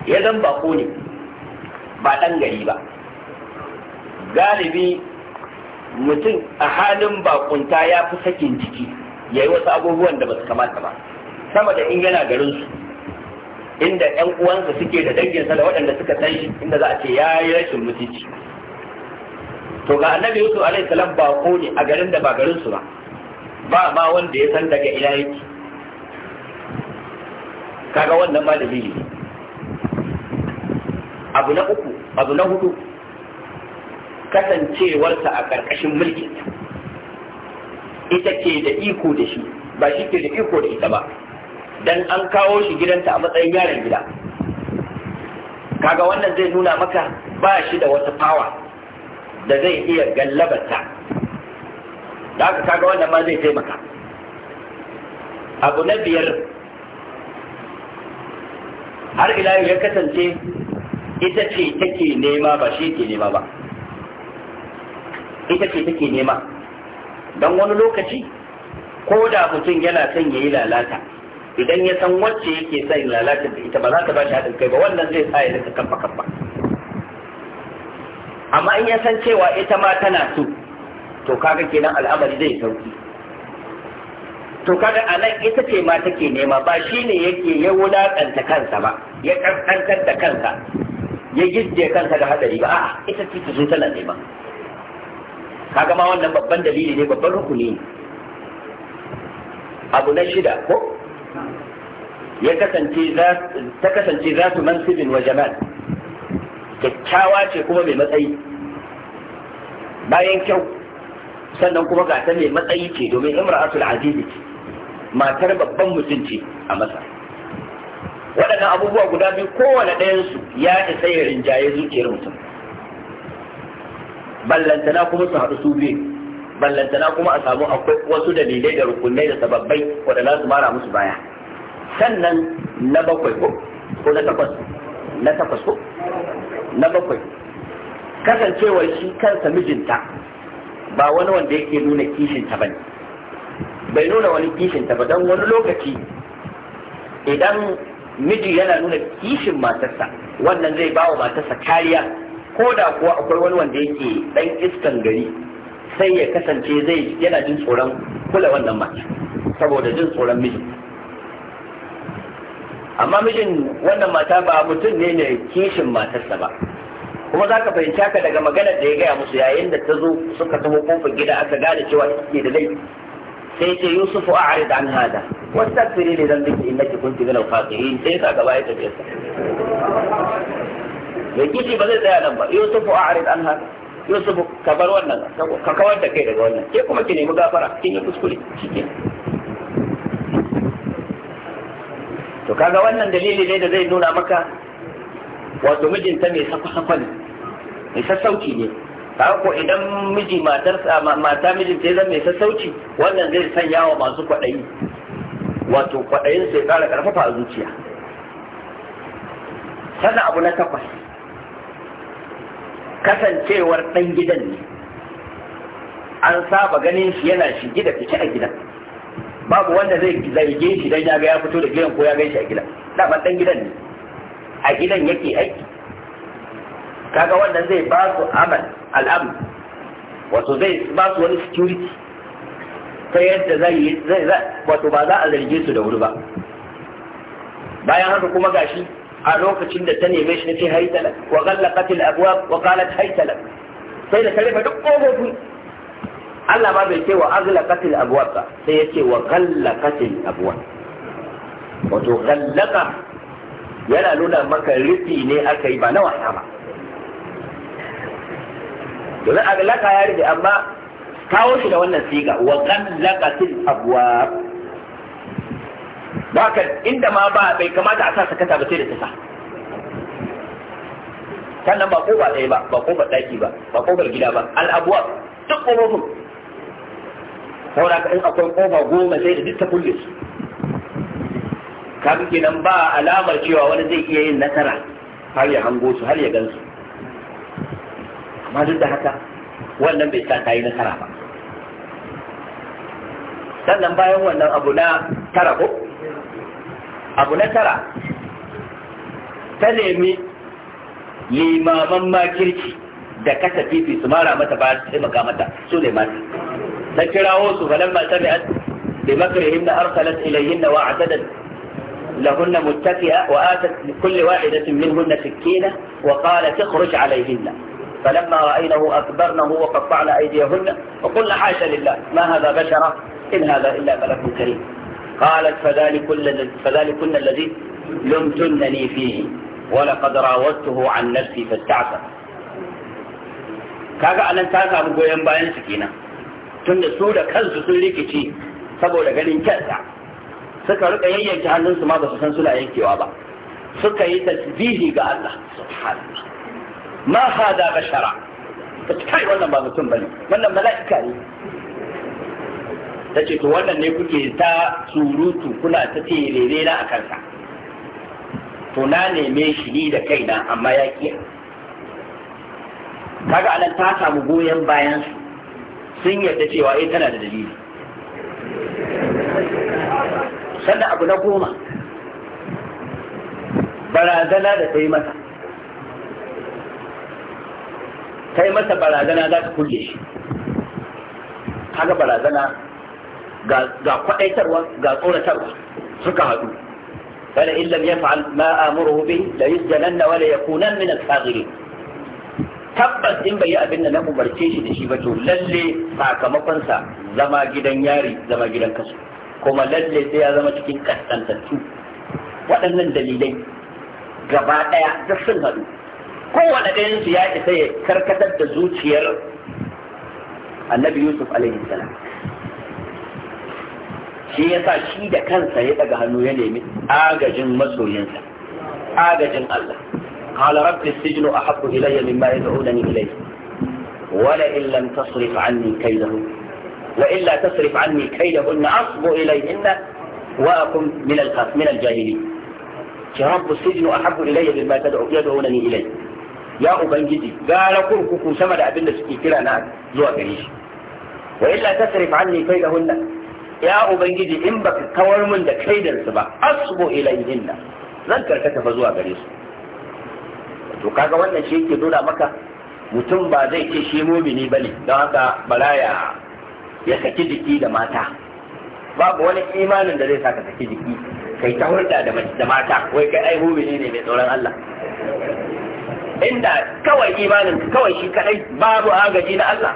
ya zan bako ne ba ɗan gari ba galibi mutum a halin bakunta ya fi sakin jiki ya yi wasu abubuwan da ba su kamata ba sama da in yana garinsu inda 'yan uwansa suke da danginsa da waɗanda suka san shi inda za a ce ya yi rashin mutunci to ga annabi yusuf alaihi salam ko ne a garin da ba garinsu ba ba ma wanda ya san daga ina yake kaga wannan ma dalili ne abu na uku abu na hudu kasancewarsa a ƙarƙashin mulkin ita ke da iko da shi ba shi ke da iko da ita ba dan an kawo shi gidanta a matsayin yaron gida kaga wannan zai nuna maka ba shi da wata fawa da zai iya gallabarta da haka kaga wannan ma zai taimaka abu na biyar har ila ya kasance ita ce take nema ba shi ke nema ba ita ce take nema don wani lokaci ko da mutum yana son ya yi lalata idan ya san wacce yake son lalata da ita ba za ta ba shi haɗin kai ba wannan zai sa ya rika kamfa kamfa amma in ya san cewa ita ma tana so to kaga kenan al'amari zai sauki to kaga a nan ita ce ma take nema ba shi ne yake ya wulaƙanta kansa ba ya ƙasƙantar da kansa ya gidje kansa da hadari ba a'a ita ce ta zo tana ba kaga ma wannan babban dalili ne babban rukuni abu na shida ko ya kasance za ta kasance za su mansibin wa jama'a kyakkyawa ce kuma mai matsayi bayan kyau sannan kuma ga ta mai matsayi ce domin imra'atul a ce matar babban mutunci a masa waɗannan abubuwa guda biyu kowane ɗayansu ya isa ya rinjaye zuciyar mutum ballantana kuma su haɗu su biyu ballantana kuma a samu akwai wasu dalilai da rukunai da sababbai waɗanda za su mara musu baya sannan na bakwai ko ko na takwas na takwas ko na bakwai kasancewar shi kansa mijinta ba wani wanda yake nuna kishinta ba ne bai nuna wani kishinta ba don wani lokaci idan miji yana nuna kishin matarsa wannan zai ba wa matarsa kariya ko da kuwa akwai wani wanda yake dan iskan gari sai ya kasance zai yana jin tsoron kula wannan mace saboda jin tsoron miji amma mijin wannan mata ba mutum ne mai kishin matarsa ba kuma za ka fahimci haka daga maganar da ya gaya musu yayin da ta zo suka taho kofar gida aka gane cewa take da laifi sai ce yusuf a'rid an hada zan wastaghfiri li dhanbiki innaki kunti minal yin sai ka gaba ya tafi da kishi ba zai tsaya nan ba yusuf a'rid an hada yusuf ka bar wannan ka kawar da kai daga wannan ke kuma ki nemi gafara kin yi kuskure cikin. to kaga wannan dalili ne da zai nuna maka wato mijinta mai sakwa-sakwa ne mai sassauci ne kaga ko idan miji matar mata miji ta zan mai sassauci wannan zai sanya wa masu kwaɗayi wato kwaɗayin sai ƙara ƙarfafa a zuciya sannan abu na takwas kasancewar ɗan gidan ne an saba ganin shi yana shige da fice a gidan babu wanda zai zarge shi dan ya ga ya fito da gidan ko ya gaishe a gidan ban ɗan gidan ne a gidan yake aiki kaga wannan zai ba su amal al'am wato zai ba su wani security ta yadda zai wato ba za a zarge su da wuri ba bayan haka kuma gashi a lokacin da ta neme shi nace haitala wa ghallaqat al abwab wa qalat haitala sai da ta rufe duk kofofi Allah ba bai ce wa aghlaqat al abwab sai ya ce wa ghallaqat al abwab wato ghallaqa yana nuna maka rufi ne aka yi ba na wasa ba domin aglaka ya rufe amma kawo shi da wannan siga wa abuwa ba ka inda ma ba bai kamata a sa sakata ba sai da tasa sannan ba ba ɗaya ba ba ba ɗaki ba ba ko gida ba al'abuwa duk kofofin saboda ka in akwai kofa goma sai da duk ta kulle su kaga kenan ba alamar cewa wani zai iya yin nasara har ya hango su har ya gansu. amma duk da haka wannan bai sa ta yi nasara ba sannan bayan wannan abu na tara ko abu na tara ta nemi limaman makirci da kasa fi su mara mata ba su taimaka mata su ne mata ta kirawo su falan ba tabi'at bi makrihim na arsalat ilayhin wa atadat لهن متكئة وآتت لكل واحدة منهن سكينة وقالت اخرج عليهن فلما رأينه أكبرنه وقطعنا أيديهن وقلنا حاشا لله ما هذا بشرة إن هذا إلا ملك كريم قالت فذلكن الذي لمتنني فيه ولقد راودته عن نفسي فاستعفى كاكا أنا تاكا بقول ينبا ينسكينا تند سودة كنز سليك تي سبو لغنين كأسع سكا رقا ينجي عن ننس ماذا سنسل أيكي وابا سكا يتسبيه قال الله سبحان الله ma hada bashara ta ce kai wannan ba mutum bane wannan mala'ika ne ta ce to wannan ne kuke ta surutu kuna ta tirere na a kansa to na neme shi ni da kaina amma ya kiya kaga anan ta samu goyon bayan sun yarda cewa ai eh, tana da dalili sannan abu na goma barazana da ta yi masa kai masa barazana za ka kulle shi kaga barazana ga kwadaitarwa ga tsoratarwa suka haɗu fala illa ya yaf'al ma amuruhu bi la yusjananna wa la yakuna min as sagirin tabbas in bai yi abin da na umarce shi da shi ba to lalle sakamakon sa zama gidan yari zama gidan kasu kuma lalle sai ya zama cikin kaskantattu waɗannan dalilai gaba ɗaya duk sun haɗu kowane ɗayan su ya isa ya karkatar da zuciyar annabi yusuf alaihi salam shi ya sa shi da kansa ya daga hannu ya nemi agajin masoyinsa agajin Allah qala rabbi sijnu ahabbu ilayya mimma yad'unani ilayhi wala in lam tasrif anni kaydahu wa illa tasrif anni na asbu ilayhinna wa akun min al-khas al-jahili ki rabbu sijnu ahabbu ilayya mimma yad'unani ilayhi ya ubangiji gara kurkuku sama da abin da suke kira na zuwa gare shi wa illa tasrif anni kaidahunna ya ubangiji in baka kawar mun da kaidar su ba asbu ilayhinna zan karkata fa zuwa gare su to kaga wannan shi yake nuna maka mutum ba zai ce shi mumini bane don haka baraya ya saki jiki da mata babu wani imanin da zai saka saki jiki kai ta hulɗa da mata wai kai ai mumini ne mai tsoron Allah inda kawai imanin kawai shi kadai babu agaji na Allah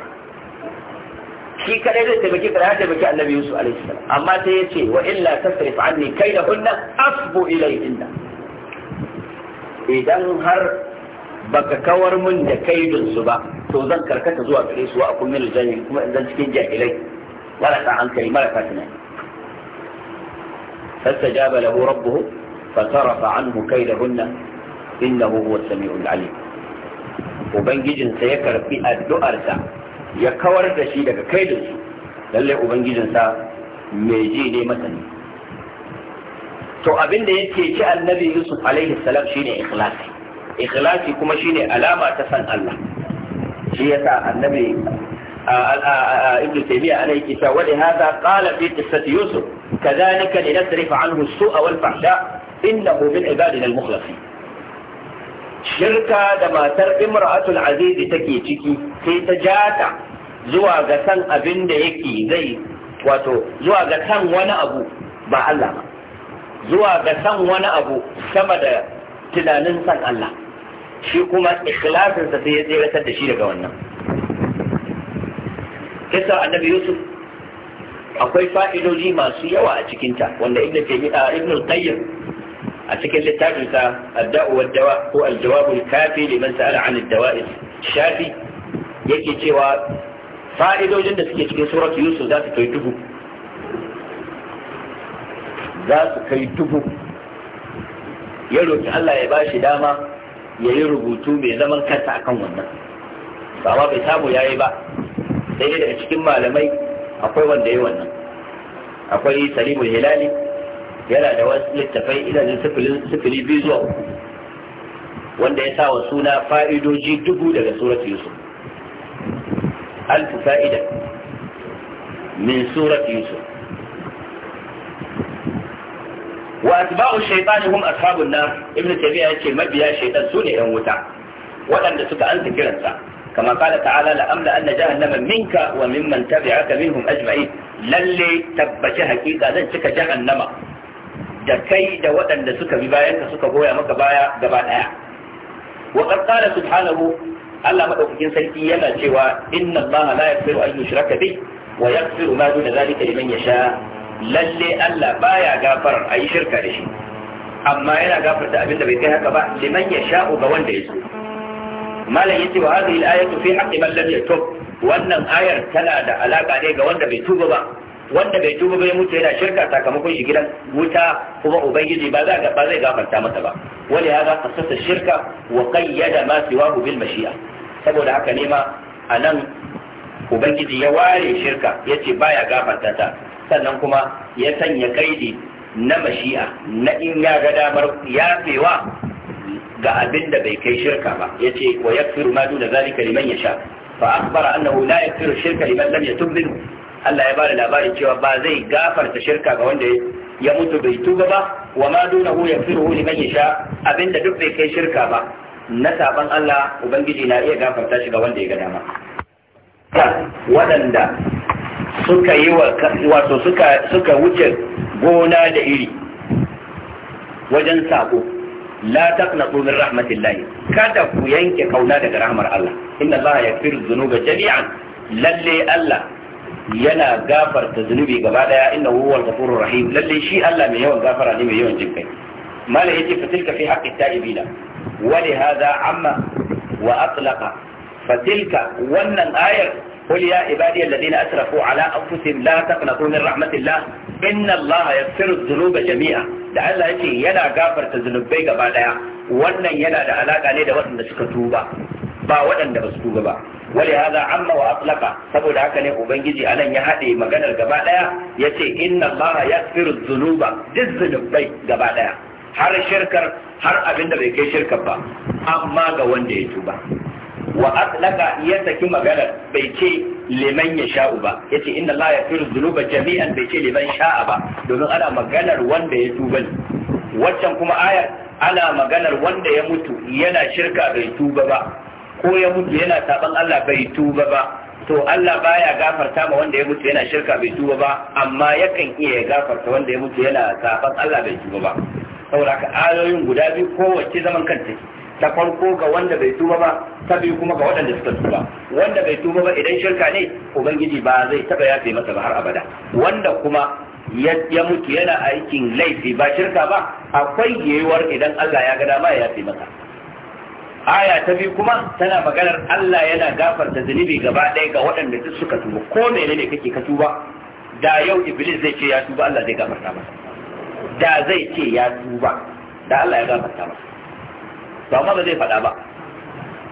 shi kadai zai taimaki ka ya taimaki annabi Yusuf alaihi salam amma sai yace wa illa tasrif anni kaidahunna asbu ilayhinna idan har baka kawar mun da kaidun su ba to zan karkata zuwa gare su wa akun min kuma in zan cikin jahilai wala ta hankali mara ta tunani fastajaba lahu rabbuhu فصرف عنه كيدهن innahu huwa samiul alim ubangijinsa ya karbi addu'ar addu'arsa ya kawar da shi daga kaidinsu lallai ubangijinsa mai ji ne masani to abin da yake ci annabi yusuf alaihi salam shine ikhlasi ikhlasi kuma shine alama ta san Allah shi yasa annabi ابن تيمية عليه كتاب ولهذا قال في قصة يوسف كذلك لنصرف عنه السوء والفحشاء إنه من عبادنا المخلصين shirka da matar imra'atul azizi take ciki sai ta jata zuwa ga san abin da yake zai wato zuwa ga san wani abu ba Allah ba zuwa ga san wani abu sama da tunanin san Allah shi kuma sa sai ya tseratar da shi daga wannan kisa annabi yusuf akwai fa'idoji masu yawa a cikinta wanda a ibnu qayyim a cikin littafin sa adda'u wad dawa ko al kafi liman sa'ala 'an ad-dawa'is shafi yake cewa fa'idojin da suke cikin suratu yusuf za su kai dubu za su kai dubu ya roki Allah ya bashi dama ya yi rubutu mai zaman kansa akan wannan ba ma bai samu yayi ba sai daga cikin malamai akwai wanda ya wannan akwai salimul hilali yana da wasu littafai ina da sifili biyu zuwa uku wanda ya sa wa suna fa'idoji dubu daga surat yusuf alfu fa'ida min surat yusuf wa atba'u shaytan hum ashabun nar ibn tabi'a yace mabiya shaytan sune yan wuta waɗanda suka anta kiransa kama كما قال تعالى لأملأن جهنم منك وممن تبعك منهم أجمعين للي تبجه حقيقة ذلك جهنم da kai da waɗanda suka bi bayan ka suka goya maka baya gaba ɗaya wa qala subhanahu Allah maɗaukakin sarki yana cewa inna Allah la yaghfiru an yushraka bih wa yaghfiru ma duna zalika liman yasha lalle Allah baya gafar a yi shirka da shi amma yana gafarta abin da bai kai haka ba liman yasha ga wanda ya so malam yace wa hadhihi al-ayatu fi haqqi man lam yatub wannan ayar tana da alaka ne ga wanda bai tuba ba wanda bai tuba bai mutu yana shirka sakamakon shi gidan wuta kuma ubangiji ba za ba zai gafarta masa ba wani ya za kasasa shirka wa qayyada ma siwahu bil mashi'a saboda haka ne ma anan ubangiji ya ware shirka yace baya gafarta ta sannan kuma ya sanya kaidi na mashi'a na in ya ga damar yafewa ga abin da bai kai shirka ba yace wa yakfiru ma duna zalika liman yasha fa akhbara annahu la yakfiru shirka liman lam yatub minhu Allah ya bada labarin cewa ba zai gafarta shirka ga wanda ya mutu bai tuba ba wa ma dunahu yaghfiruhu ya yasha abinda duk bai kai shirka ba na saban Allah ubangiji na iya gafarta shi ga wanda ya ga dama waɗanda suka yi wato suka suka wuce gona da iri wajen sako la taqnatu min rahmatillahi, kada ku yanke kauna daga rahmar Allah inna Allah yaghfiru dhunuba jami'an lalle Allah yana gafarta zunubi gaba daya inna huwa al-ghafurur rahim lalle shi Allah mai yawan gafara ne mai yawan jinkai mala yace fa tilka fi haqqi ta'ibina wa li hadha amma wa atlaqa fatilka wannan ayar قل يا عبادي الذين أسرفوا على أنفسهم لا تقنطوا من رحمة الله إن الله يغفر الذنوب جميعا da Allah yake yana gafarta zunubai gaba wannan yana da alaka ne da waɗanda suka tuba ba waɗanda ba su tuba ba wali hada amma wa aflaka saboda haka ne ubangiji anan ya haɗe maganar gaba ɗaya ya ce inna allaha yaghfiru dhunuba duk zunubai gaba ɗaya har shirkar har abin da bai kai shirkar ba amma ga wanda ya tuba wa aflaka ya saki maganar bai ce liman ya sha'u ba ya ce inna allaha yaghfiru dhunuba jami'an bai ce liman sha'a ba domin ana maganar wanda ya tuba ne waccan kuma ayar ana maganar wanda ya mutu yana shirka bai tuba ba ko ya mutu yana saban Allah bai tuba ba to Allah baya gafarta ma wanda ya mutu yana shirka bai tuba ba amma yakan iya ya gafarta wanda ya mutu yana saban Allah bai tuba ba saboda ka ayoyin guda biyu kowace zaman kanta ta farko ga wanda bai tuba ba ta biyu kuma ga waɗanda suka tuba wanda bai tuba ba idan shirka ne ubangiji ba zai taba yafe masa ba har abada wanda kuma ya mutu yana aikin laifi ba shirka ba akwai yiwuwar idan Allah ya ga dama ya yafe masa aya ta biyu kuma tana maganar Allah yana gafarta zunubi gaba ɗaya ga waɗanda duk suka tuba ko menene kake ka tuba da yau iblis zai ce ya tuba Allah zai gafarta masa da zai ce ya tuba da Allah ya gafarta masa to amma ba zai faɗa ba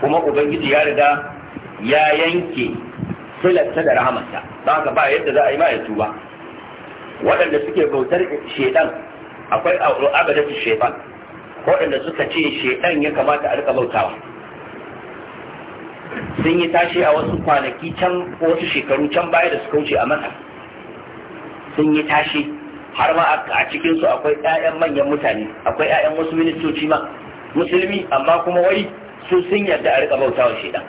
kuma ubangiji ya riga ya yanke silarta da rahamarsa don haka ba yadda za a yi ma ya tuba waɗanda suke bautar shedan akwai abadatu shedan waɗanda suka ce shaidan ya kamata a rika bautawa sun yi tashi a wasu kwanaki can ko wasu shekaru can baya da suka wuce a masa sun yi tashi har ma a cikinsu akwai 'ya'yan manyan mutane akwai 'ya'yan wasu ministoci ma musulmi amma kuma wai su sun yarda a rika bautawa shaidan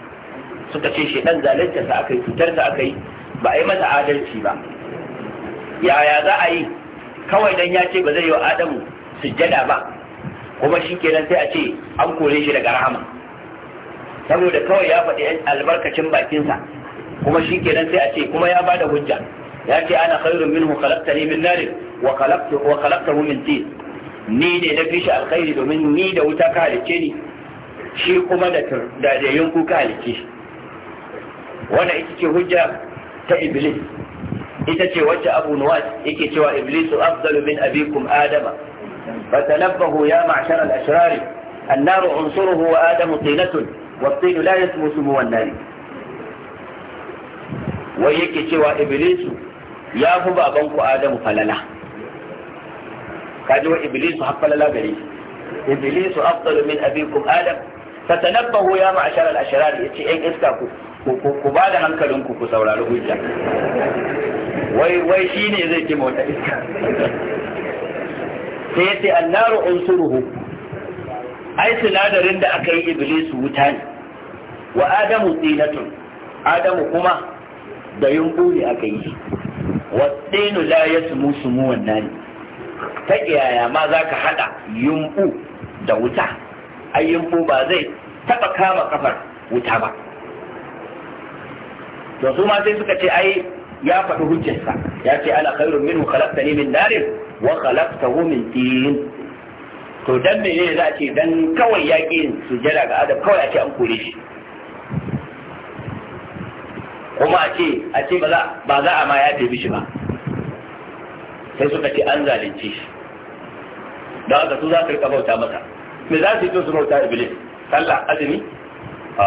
suka ce shaidan zaluntarsa aka yi cutarsa aka yi ba a yi masa adalci ba yaya za a yi kawai dan ya ce ba zai yi wa adamu sujjada ba kuma shi kenan sai a ce an kore shi daga rahama saboda kawai ya faɗi albarkacin bakinsa kuma shi kenan sai a ce kuma ya bada hujja ya ce ana khairun minhu khalaqtani min narin wa khalaqtu wa min tin ni ne na fi shi alkhairi domin ni da wuta ka halicce ni shi kuma da da yunku ka halicce shi wannan ita ce hujja ta iblis ita ce wacce abu nuwas yake cewa Iblis afdalu min abikum adama فتنبهوا يا معشر الأشرار النار عنصره وآدم طينة والطين لا يسمو سمو النار ويكي سوى إبليس يا فبا بنك آدم فللا كان إبليس حق فللا بريس إبليس أفضل من أبيكم آدم فتنبهوا يا معشر الأشرار يتي إن إسكاكو ku ba da hankalinku ku saurari hujja wai shi ne zai ji mota iska sai ya ce annaru unsuruhu ai sinadarin da aka yi iblis wuta ne wa adamu tsinatun adamu kuma da yunkuri aka yi wa tsinu la yasmu sumuwan wannan. ta iyaya ma za ka haɗa yumbu da wuta ai yunku ba zai taɓa kama kafar wuta ba to su ma sai suka ce ai ya faɗi hujjarsa ya ce ana khairun minhu khalaqtani min narin wa khalaqtahu min tin to dan menene za ce dan kawai yaƙi sujada ga adam kawai a ce an kore shi kuma a ce a ce ba za a ma ya tafi shi ba sai suka ce an zalunce shi don haka su za su rika bauta masa me za su yi su bauta iblis sallah azumi a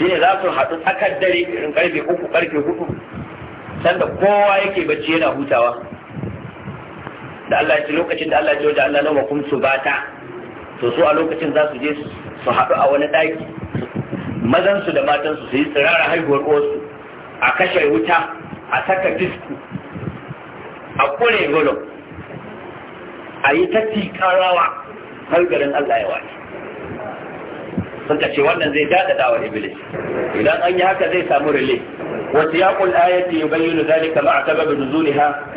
shi ne za su haɗu tsakar dare irin karfe uku karfe hudu sanda kowa yake bacci yana hutawa da Allah ya ce lokacin da Allah ya ce Allah nawa kun su bata to su a lokacin za su je su haɗu a wani ɗaki mazansu da matansu su yi tsirara haihuwar uwarsu a kashe wuta a saka disku a kure golo a yi ta tikarawa har garin Allah ya wace sun ce wannan zai dada dawa iblis idan an yi haka zai samu rile wasu yaƙul ayati yubayyinu zalika ma'a sababin nuzuliha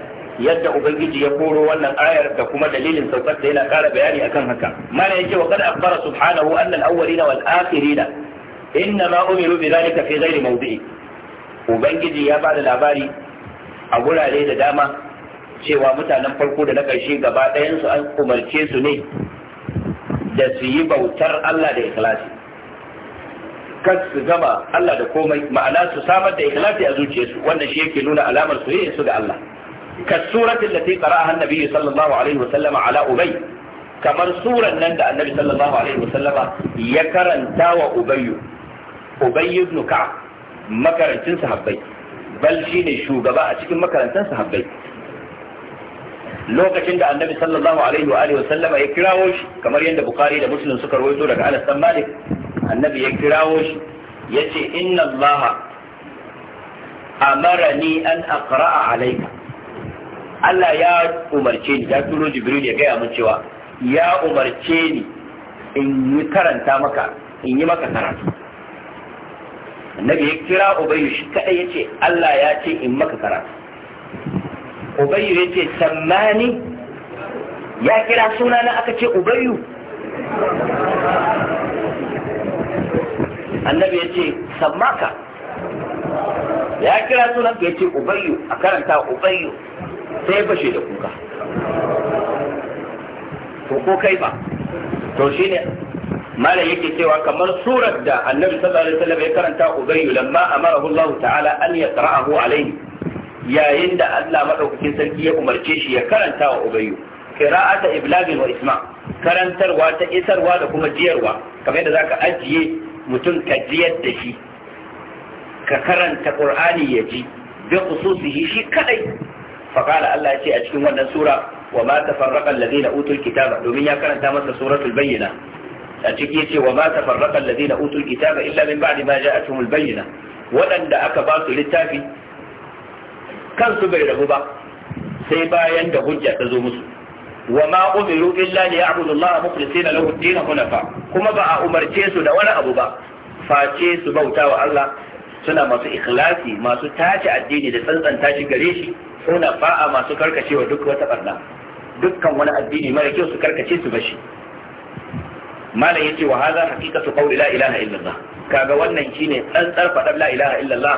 yadda ubangiji ya koro wannan ayar da kuma dalilin saukar da yana kara bayani akan haka mana yake wa qad akhbara subhanahu anna al-awwalina wal akhirina inna ma umiru bi dhalika fi ghairi mawdi'i ubangiji ya bada labari a gurare da dama cewa mutanen farko da na karshe gaba ɗayan su an umarce su ne da su yi bautar Allah da ikhlasi kan su gama Allah da komai ma'ana su samar da ikhlasi a zuciyarsu wannan shi yake nuna alamar soyayya su ga Allah كالسورة التي قرأها النبي صلى الله عليه وسلم على أبي كمن سورة نند النبي صلى الله عليه وسلم يكرن تاوى أبي أبي بن كعب مكرن تنسى حبي بل شيني شو قباء شكل مكرن تنسى حبي lokacin da annabi a alaihi wa alihi ya kirawo shi kamar yadda bukari da muslim suka rawaito daga anas bin malik annabi ya kirawo shi yace inna allaha an akra'a alayka Allah ya umarce ni ya turo Jibril ya gaya mun cewa ya umarce ni in yi karanta maka in yi maka karatu annabi ya kira ubayyu shi kadai yace Allah ya ce in maka karatu ubayyu yace sammani ya kira suna na aka ce ubayyu annabi ya ce sammaka ya kira sunan ya ce ubayyu a karanta ubayyu sai bashe da kuka to ko kai ba to ne malam yake cewa kamar surar da annabi sallallahu alaihi wasallam ya karanta ubayyu lamma amarahu Allah ta'ala an yaqra'ahu alaihi yayin da Allah madaukakin sarki ya umarce shi ya karanta wa ubayyu qira'ata iblagin wa isma karantarwa ta isarwa da kuma jiyarwa kamar yadda zaka ajiye mutum ka jiyar da shi ka karanta qur'ani ya ji bi khususihi shi kadai فقال الله يتي أتكين وانا سورة وما تفرق الذين أوتوا الكتاب دومين يا كانت تامت سورة البينة أتكي يتي وما تفرق الذين أوتوا الكتاب إلا من بعد ما جاءتهم البينة ولن دا أكبات للتافي كان سبير هبا سيبا يند هجة تزومس وما أمروا إلا ليعبدوا الله مخلصين له الدين هنفا كما بقى أمر جيسو دا ولا أبو بقى فاجيسو بوتا الله suna masu ikhlasi masu tace addini da tsantsan tashi gare shi suna fa'a masu karkacewa duk wata barna dukkan wani addini mara kyau su karkace su bashi malam yace wa hadha haqiqatu qawli la ilaha illallah kaga wannan shine ɗan fadar la ilaha illallah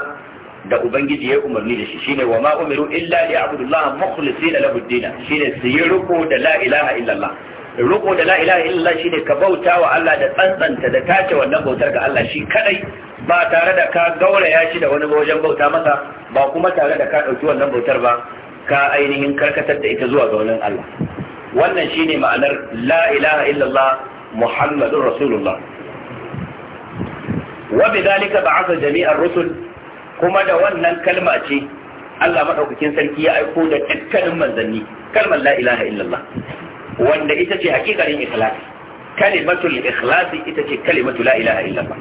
da ubangiji ya umarni da shi shine wa ma umiru illa li abdullahi mukhlisina lahu ad-din shine su yi ruku da la ilaha illallah riko da la ilaha illallah shine ka bauta wa Allah da tsantsanta da tace wannan bautar ga Allah shi kadai ba tare da ka gauraya shi da wani wajen bauta masa ba kuma tare da ka dauki wannan bautar ba ka ainihin karkatar da ita zuwa ga wannan Allah wannan shine ma'anar la ilaha illallah muhammadur rasulullah wa bidhalika ba'atha jami'ar rusul kuma da wannan kalma ce Allah madaukakin sarki ya aiko da dukkanin manzanni kalmar la ilaha illallah wanda ita ce hakikarin ikhlas kalimatul ikhlas ita ce kalimatu la ilaha illallah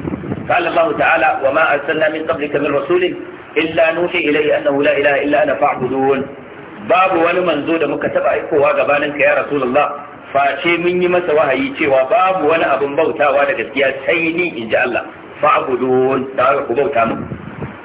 qala allah ta'ala wa ma arsalna min qablika min rasul illa nuhi ilayhi annahu la ilaha illa ana fa'budun babu wani manzo da muka taba aikowa gabanin ka ya rasulullah face mun yi masa wahayi cewa babu wani abin bautawa da gaskiya sai ni inji allah fa'budun da ku bauta mu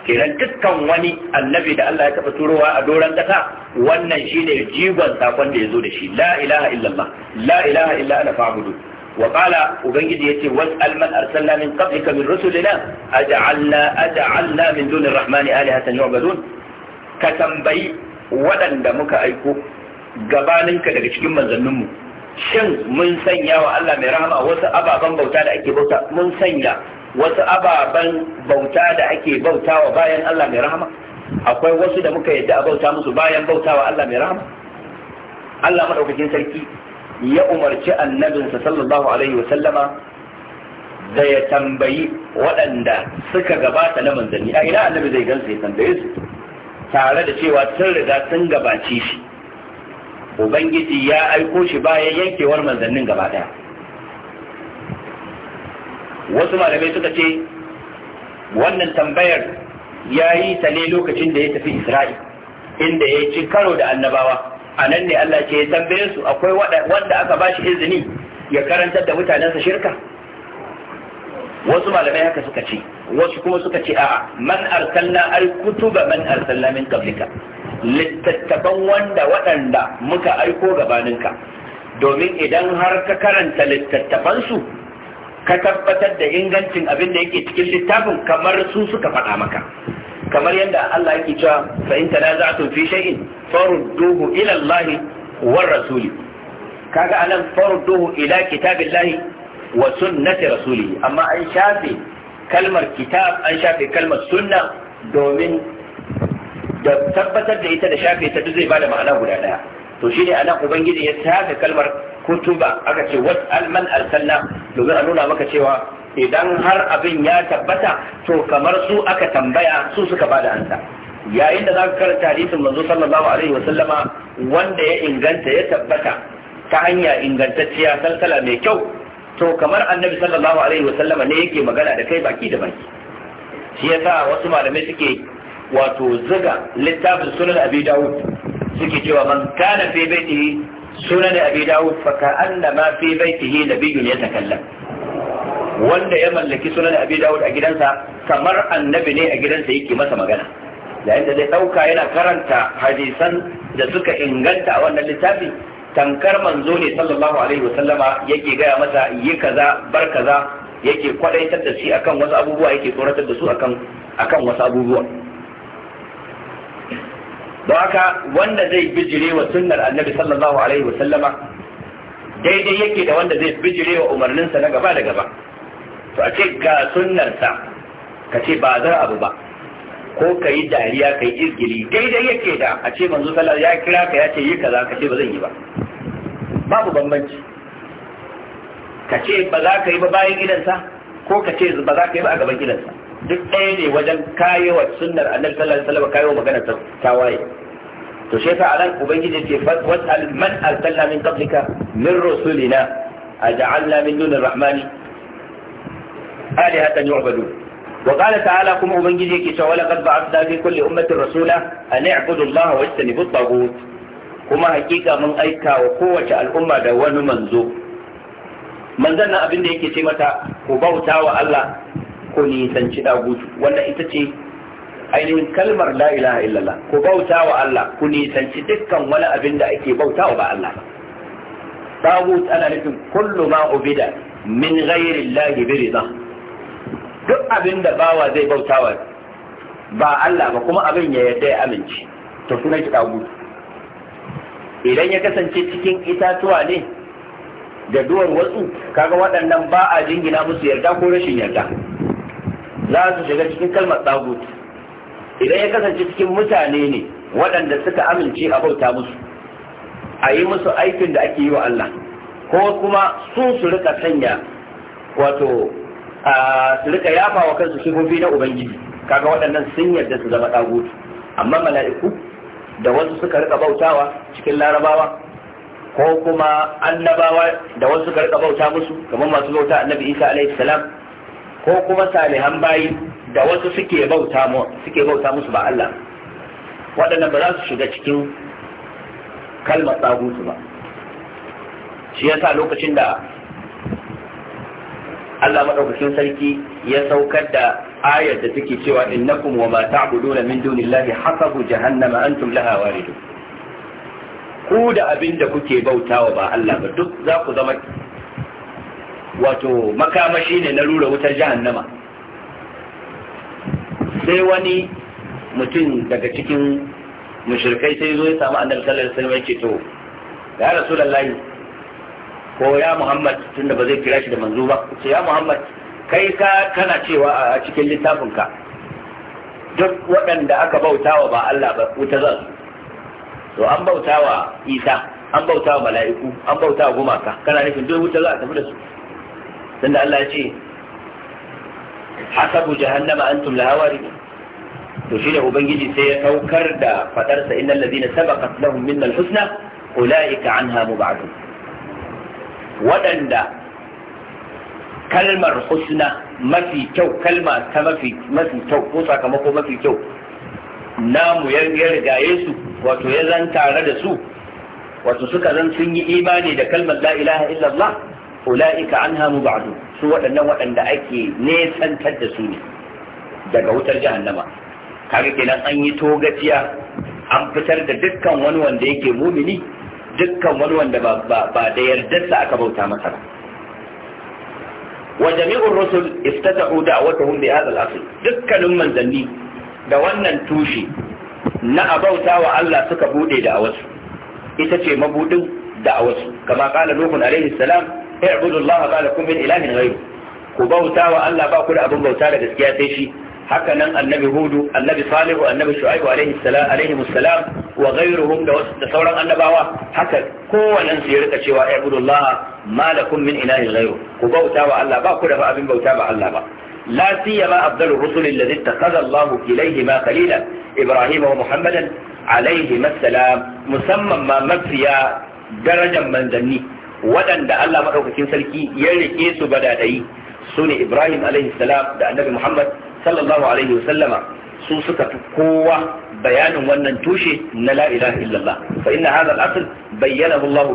kenan dukkan wani annabi da Allah ya taba turowa a doran kasa wannan shine jigon sakon da ya zo da shi la ilaha illallah la ilaha illa ana fa'budu wa qala ubangiji yace wal alman arsalna min qablika min rusulina aj'alna aj'alna min dunir rahmani alihatan yu'badun ka tambayi waɗanda muka aiko gabaninka daga cikin manzanninmu shin mun sanya wa Allah mai rahama wasu ababen bauta da ake bauta mun sanya wasu ababen bauta da ake bautawa bayan Allah mai rahama akwai wasu da muka yadda a bauta musu bayan bautawa Allah mai rahama Allah madaukakin sarki ya umarci annabinsa sallallahu alaihi wa sallama da ya tambayi waɗanda suka gabata na manzanni a ina annabi zai gansu ya tambaye su tare da cewa sun riga sun gabace shi ubangiji ya aiko shi bayan yankewar manzannin gaba ɗaya wasu malamai suka ce wannan tambayar ya yi ta ne lokacin da ya tafi Isra'il, inda ya ci karo da annabawa a nan ne Allah ce ya tambaye su akwai wanda aka ba shi izini ya karantar da mutanensa shirka wasu malamai haka suka ce wasu kuma suka ce a'a man arsalna al kutuba man arsalna min qablika littattafan wanda waɗanda muka aiko gabaninka domin idan har ka karanta littattafansu ka tabbatar da ingancin abin da yake cikin littafin kamar su suka faɗa maka kamar yadda Allah yake cewa fa in tanaza'tum fi shay'in farudduhu ila Allah war rasul kaga anan farudduhu ila kitabillahi wa sunnati rasulihi amma an shafe kalmar kitab an shafe kalmar sunna domin da tabbatar da ita da shafe ta duk zai bada ma'ana guda daya to shine anan ubangiji ya shafe kalmar kutuba aka ce wat alman arsalna domin a nuna maka cewa idan har abin ya tabbata to kamar su aka tambaya su suka da ansa yayin da zaka karanta hadisin manzo sallallahu alaihi wa sallama wanda ya inganta ya tabbata ta hanya ingantacciya salsala mai kyau to kamar annabi sallallahu alaihi wa sallama ne yake magana da kai baki da baki shi yasa wasu malamai suke wato zuga littafin sunan abi dawud suke cewa man kana fi baitihi sunan abi dawud fa ka'anna ma fi baitihi nabiyyun yatakallam wanda ya mallaki sunan abi dawud a gidansa kamar annabi ne a gidansa yake masa magana yayin da zai dauka yana karanta hadisan da suka inganta a wannan littafi tankar manzo ne sallallahu alaihi wasallama yake gaya masa yi kaza bar kaza yake kwadaitar da shi akan wasu abubuwa yake tsoratar da su akan akan wasu abubuwa don haka wanda zai bijire wa sunnar annabi sallallahu alaihi wa sallama daidai yake da wanda zai bijire wa umarninsa na gaba da gaba to a ce ga sunnarsa ka ce ba zan abu ba ko ka yi dariya ka yi izgili daidai yake da a ce manzo sallallahu ya kira ka ya ce yi kaza ka ce ba zan yi ba babu bambanci ka ce ba za ka yi ba bayan gidansa ko ka ce ba za ka yi ba a gaban gidansa duk ɗaya ne wajen kayewa sunnar annabi sallallahu alaihi wasallam kayewa magana ta tawaye to shi yasa anan ubangiji ce was'al man arsalna min qablika min rusulina aj'alna min dunir rahmani alihatan yu'badun وقال تعالى كم أبنجي كيسا ولقد بعثنا في كل أمة رسولا أن اعبدوا الله واجتنبوا الطاغوت كما حقيقة من أيكا وقوة الأمة دوان منزو من ذن أبن ku bauta wa allah. ko nisanci dagutu wannan ita ce ainihin kalmar la ilaha illallah ku bauta wa Allah ku nisanci dukkan wani abin da ake bauta wa ba Allah ba dagut ana nufin kullu ma ubida min ghairi Allah bi rida duk abin da bawa zai bauta wa ba Allah ba kuma abin ya yadda ya amince to sunan ki dagut idan ya kasance cikin itatuwa ne da duwar wasu kaga waɗannan ba a jingina musu yarda ko rashin yarda za su shiga cikin kalmar tagut idan ya kasance cikin mutane ne waɗanda suka amince a bauta musu a yi musu aikin da ake yi wa Allah ko kuma su su rika sanya wato su rika yafa wa kansu sifofi na ubangiji kaga waɗannan sun yarda su zama tagut amma mala'iku da wasu suka rika bautawa cikin larabawa ko kuma annabawa da wasu suka rika bauta musu kamar masu bauta annabi isa alaihi salam ko kuma salihan bayi da wasu suke bauta suke bauta musu ba Allah waɗannan ba za su shiga cikin kalmar tsagutu ba shi yasa lokacin da Allah madaukakin sarki ya saukar da ayar da take cewa innakum wa ma ta'buduna min dunillahi hasabu jahannama antum laha waridun ku da abin da kuke bautawa ba Allah ba duk za ku zama wato makamashi ne na rura wutar jahannama sai wani mutum daga cikin mushrikai sai zo ya samu annabi sallallahu alaihi wasallam to ya rasulullahi ko ya muhammad tunda ba zai kira shi da manzo ba sai ya muhammad kai ka kana cewa a cikin littafinka duk waɗanda aka bautawa ba Allah ba wuta su? to an bautawa Isa an bautawa mala'iku an bautawa gumaka kana nufin duk wuta za a tafi da su tunda Allah ce hasabu jahannama an tun lahawari. to shi da ubangiji sai ya saukar da fadarsa innal ladina sabaqat lahum minna alhusna ulaika hamu mub'adun waɗanda kalmar husna mafi kyau kalma ta mafi mafi kyau ko sakamako mafi kyau namu ya riga su wato ya zan tare da su wato suka zan sun yi imani da kalmar la ilaha illallah ula'ika anha mubadu su waɗannan waɗanda ake nesantar da su ne daga wutar jahannama kaga kenan an yi togaciya an fitar da dukkan wani wanda yake mumini dukkan wani wanda ba da yardarsa aka bauta masa ba wa jami'ur rusul iftatahu da'watuhum bi hadha al-asl dukkanin manzanni da wannan tushe na abauta wa Allah suka bude da awasu ita ce mabudin da awasu kama kala nuhun alaihi salam i'budu Allah ba lakum min ilahin ghayru ku bauta wa Allah ba ku da abin bauta da gaskiya sai shi haka nan annabi hudu annabi salihu annabi shu'aibu alaihi salam alaihi musallam wa ghayruhum da sauran annabawa haka kowannen su ya rika cewa i'budu Allah ma lakum min ilahin ghayru ku bauta wa Allah ba ku da abin bauta ba Allah ba لا سيما أفضل الرسل الذي اتخذ الله إليهما خليلا إبراهيم ومحمدا عليهما السلام مسمى ما مفيا درجا من ذنيه waɗanda Allah maɗaukakin sarki ya rike su badadai su ne Ibrahim alaihi salam da annabi Muhammad sallallahu alaihi wasallama su suka fi kowa bayanin wannan tushe na la ilaha illallah fa inna hadha al-asl bayyanahu Allah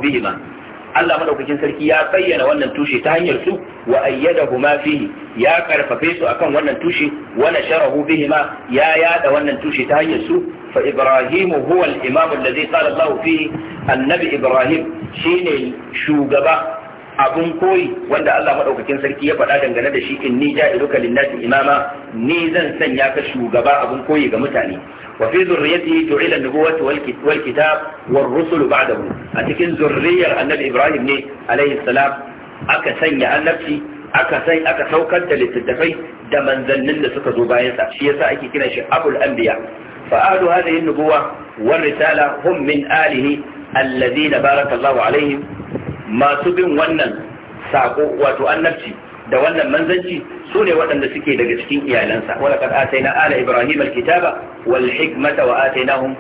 Allah madaukakin sarki ya bayyana wannan tushe ta hanyar su wa ayyadahu ma fihi ya karfafe su akan wannan tushe wa nasharahu bihi ma ya yada wannan tushe ta hanyar su fa ibrahim huwa al-imam alladhi qala Allah fihi annabi ibrahim shine shugaba abun koyi wanda Allah madaukakin sarki ya faɗa dangane da shi inni ja'iluka lin-nasi imama ni zan sanya ka shugaba abun koyi ga mutane وفي ذريته جعل النبوة والكتاب والرسل بعده أتكن ذرية النبي إبراهيم ني عليه السلام أكا سيء النفسي أكا سيء أكا سوكت للتدفين دا من ذنن سكا زبايسا شيسا أكي كنا شيء أبو الأنبياء فأهل هذه النبوة والرسالة هم من آله الذين بارك الله عليهم ما سبن ونن ساقو وتؤنبتي da wannan manzanci su ne waɗanda suke daga cikin iyalansa wala kad ataina ala ibrahim alkitaba wal hikmata wa atainahum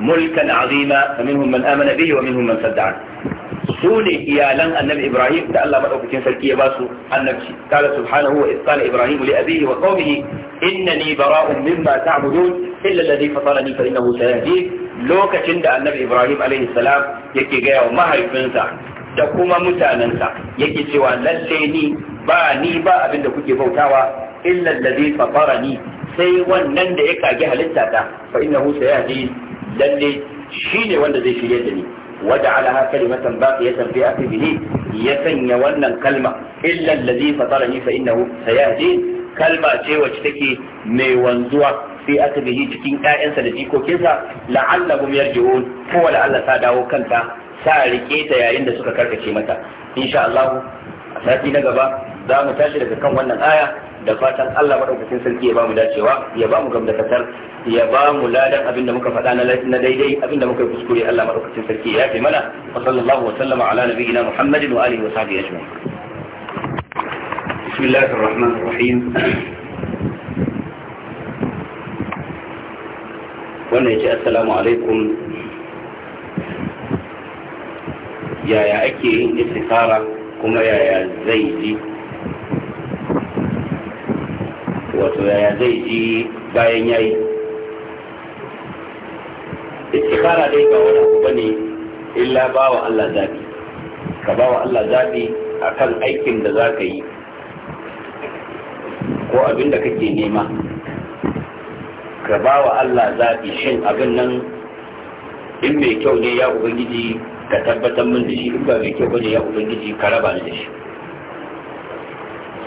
mulkan azima minhum man amana bihi wa minhum man sadda su ne iyalan annabi ibrahim da Allah madaukakin sarki ya basu annabci kala subhanahu wa isqala ibrahim li abihi wa qaumihi innani bara'un mimma ta'budun illa alladhi fatarani fa innahu sayahdin lokacin da annabi ibrahim alaihi salam yake gaya wa mahaifinsa da kuma mutanensa yake cewa lalle ni ba ni ba abin da kuke bautawa illa allazi fatarani sai wannan da ya kage halitta ta fa innahu sayahdi lalle shine wanda zai shirye da ni waja'alaha kalimatan baqiyatan fi aqibihi ya sanya wannan kalma illa allazi fatarani fa innahu sayahdi kalma ce wacce take mai wanzuwa fi aqibihi cikin ƴaƴansa da jikokinsa la'allahum yarji'un ko la'alla ta dawo kanta sa rike ta yayin da suka karkace mata insha Allah a sati na gaba za mu tashi daga kan wannan aya da fatan Allah madaukakin sarki ya bamu dacewa ya bamu gamdakatar ya bamu ladan abinda muka faɗa na daidai abinda muka yi kuskure Allah madaukakin sarki ya yafe mana wa sallallahu wa sallama ala nabiyina Muhammadin wa alihi wa sahbihi ajma'in bismillahir rahmanir rahim wannan yace assalamu alaikum yaya ake yin istikara kuma yaya zai ji wato yaya zai ji bayan yayi istikhara dai ba wani abu bane illa ba wa Allah zabi ka ba wa Allah zabi akan aikin da za ka yi ko abin da kake nema ka ba wa Allah zabi shin abin nan in mai kyau ne ya ubangiji ka tabbatar min da shi in ba mai kyau bane ya ubangiji ka raba ni da shi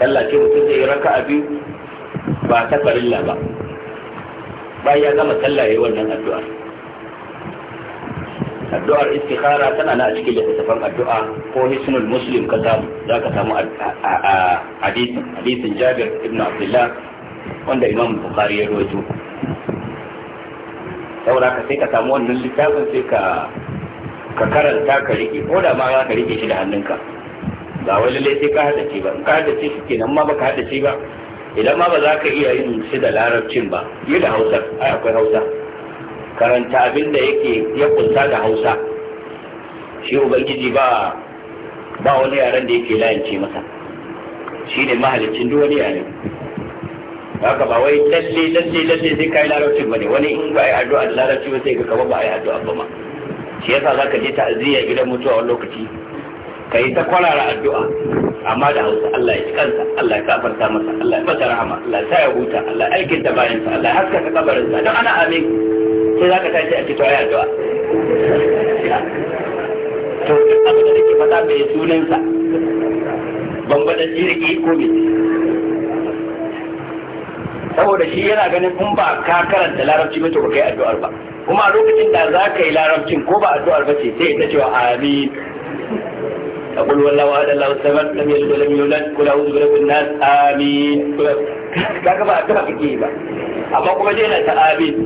sallah ce mutum zai raka abin? ba ta farilla ba bai ya gama sallaye wannan addu'a addu'ar istikhara tana na a cikin littattafan addu'a ko hisnul muslim ka samu za ka samu hadisin hadisin jabir ibn abdullah wanda imam bukhari ya rawaito saboda ka sai ka samu wannan littafin sai ka ka karanta ka rike ko da ma za ka rike shi da hannunka ba wai lallai sai ka hada ce ba in ka hada ce shi kenan ma baka hada ce ba idan ma ba za ka iya yin shi da larabcin ba yi da hausa ai akwai hausa karanta abin da yake ya kunta da hausa shi ubangiji ba ba wani yaren da yake layance masa shi ne mahalicin duk wani yare haka ba wai lalle lalle lalle sai kai larabcin ba ne wani in ba ai addu'a da larabci ba sai ka kaba ba ai addu'a ba ma shi yasa zaka je ta'aziyya gidan mutuwa wani lokaci ka yi ta kwarara addu'a amma da hausa Allah ya ci kansa Allah ya kafarta masa Allah ya masa rahama Allah ya sa huta Allah ya aikin da bayansa Allah ya haskaka kabarinsa don ana amin sai za ka tashi a cikin addu'a to duk abin da nake faɗa mai sunansa bambadan jirgi ko mai saboda shi yana ganin kun ba ka karanta larabci ba to ba kai addu'ar ba kuma a lokacin da za ka yi larabcin ko ba addu'ar ba ce sai ta cewa amin تقول والله أحد الله السبب لم يلد ولم يولد كل أعوذ برب الناس آمين كذا ما أكتب في كيبة أما كما جينا آمين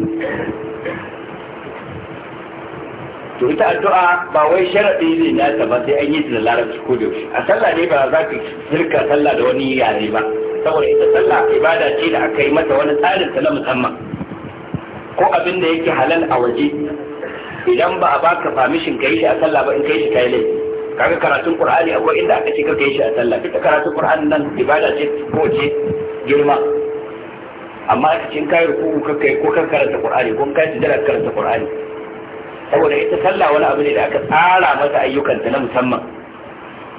to ita addu'a ba wai sharadi ne na ta ba sai an yi da larabci ko da a sallah ne ba za ka shirka sallah da wani yare ba saboda ita sallah ibada ce da aka yi mata wani tsarin ta na musamman ko abin da yake halal a waje idan ba a baka famishin kai shi a sallah ba in kai shi kai laifi kaga karatun qur'ani akwai inda aka ce kake shi a sallah duka karatun qur'an nan ibada ce ko ce girma amma a cikin kayi ruku ka kai ko kan karanta qur'ani ko ji sujjada karanta qur'ani saboda ita sallah wani abu ne da aka tsara masa ayyukanta na musamman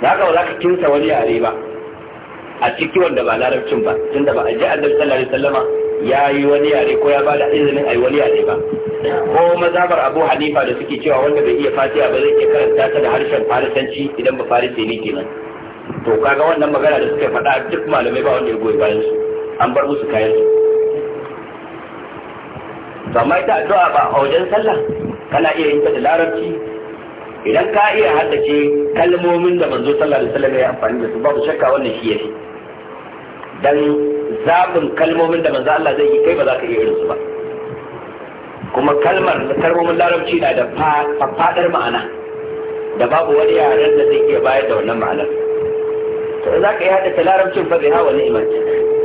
zaka ba za ka kinsa wani yare ba a ciki wanda ba larabcin ba tunda ba a ji annabi sallallahu alaihi wasallama ya yi wani yare ko ya bada izinin a yi wani yare ba ko mazabar abu hanifa da suke cewa wanda bai iya fatiha ba zai iya karanta ta da harshen farisanci idan ba farisi ne kenan to kaga wannan magana da suka faɗa duk malamai ba wanda ya goyi bayan su an bar musu kayan su to amma ita addu'a ba a wajen sallah kana iya yin ta da larabci idan ka iya haddace kalmomin da manzo sallallahu alaihi wasallam ya amfani da su babu shakka wannan shi yake dan zaɓin kalmomin da manzo Allah zai yi kai ba za ka iya irin su ba kuma kalmar kalmomin larabci na da faɗar ma'ana da babu wani yaren da zai iya bayar da wannan ma'anar to za ka yi haɗa ta larabcin fa bai hawa ni'imar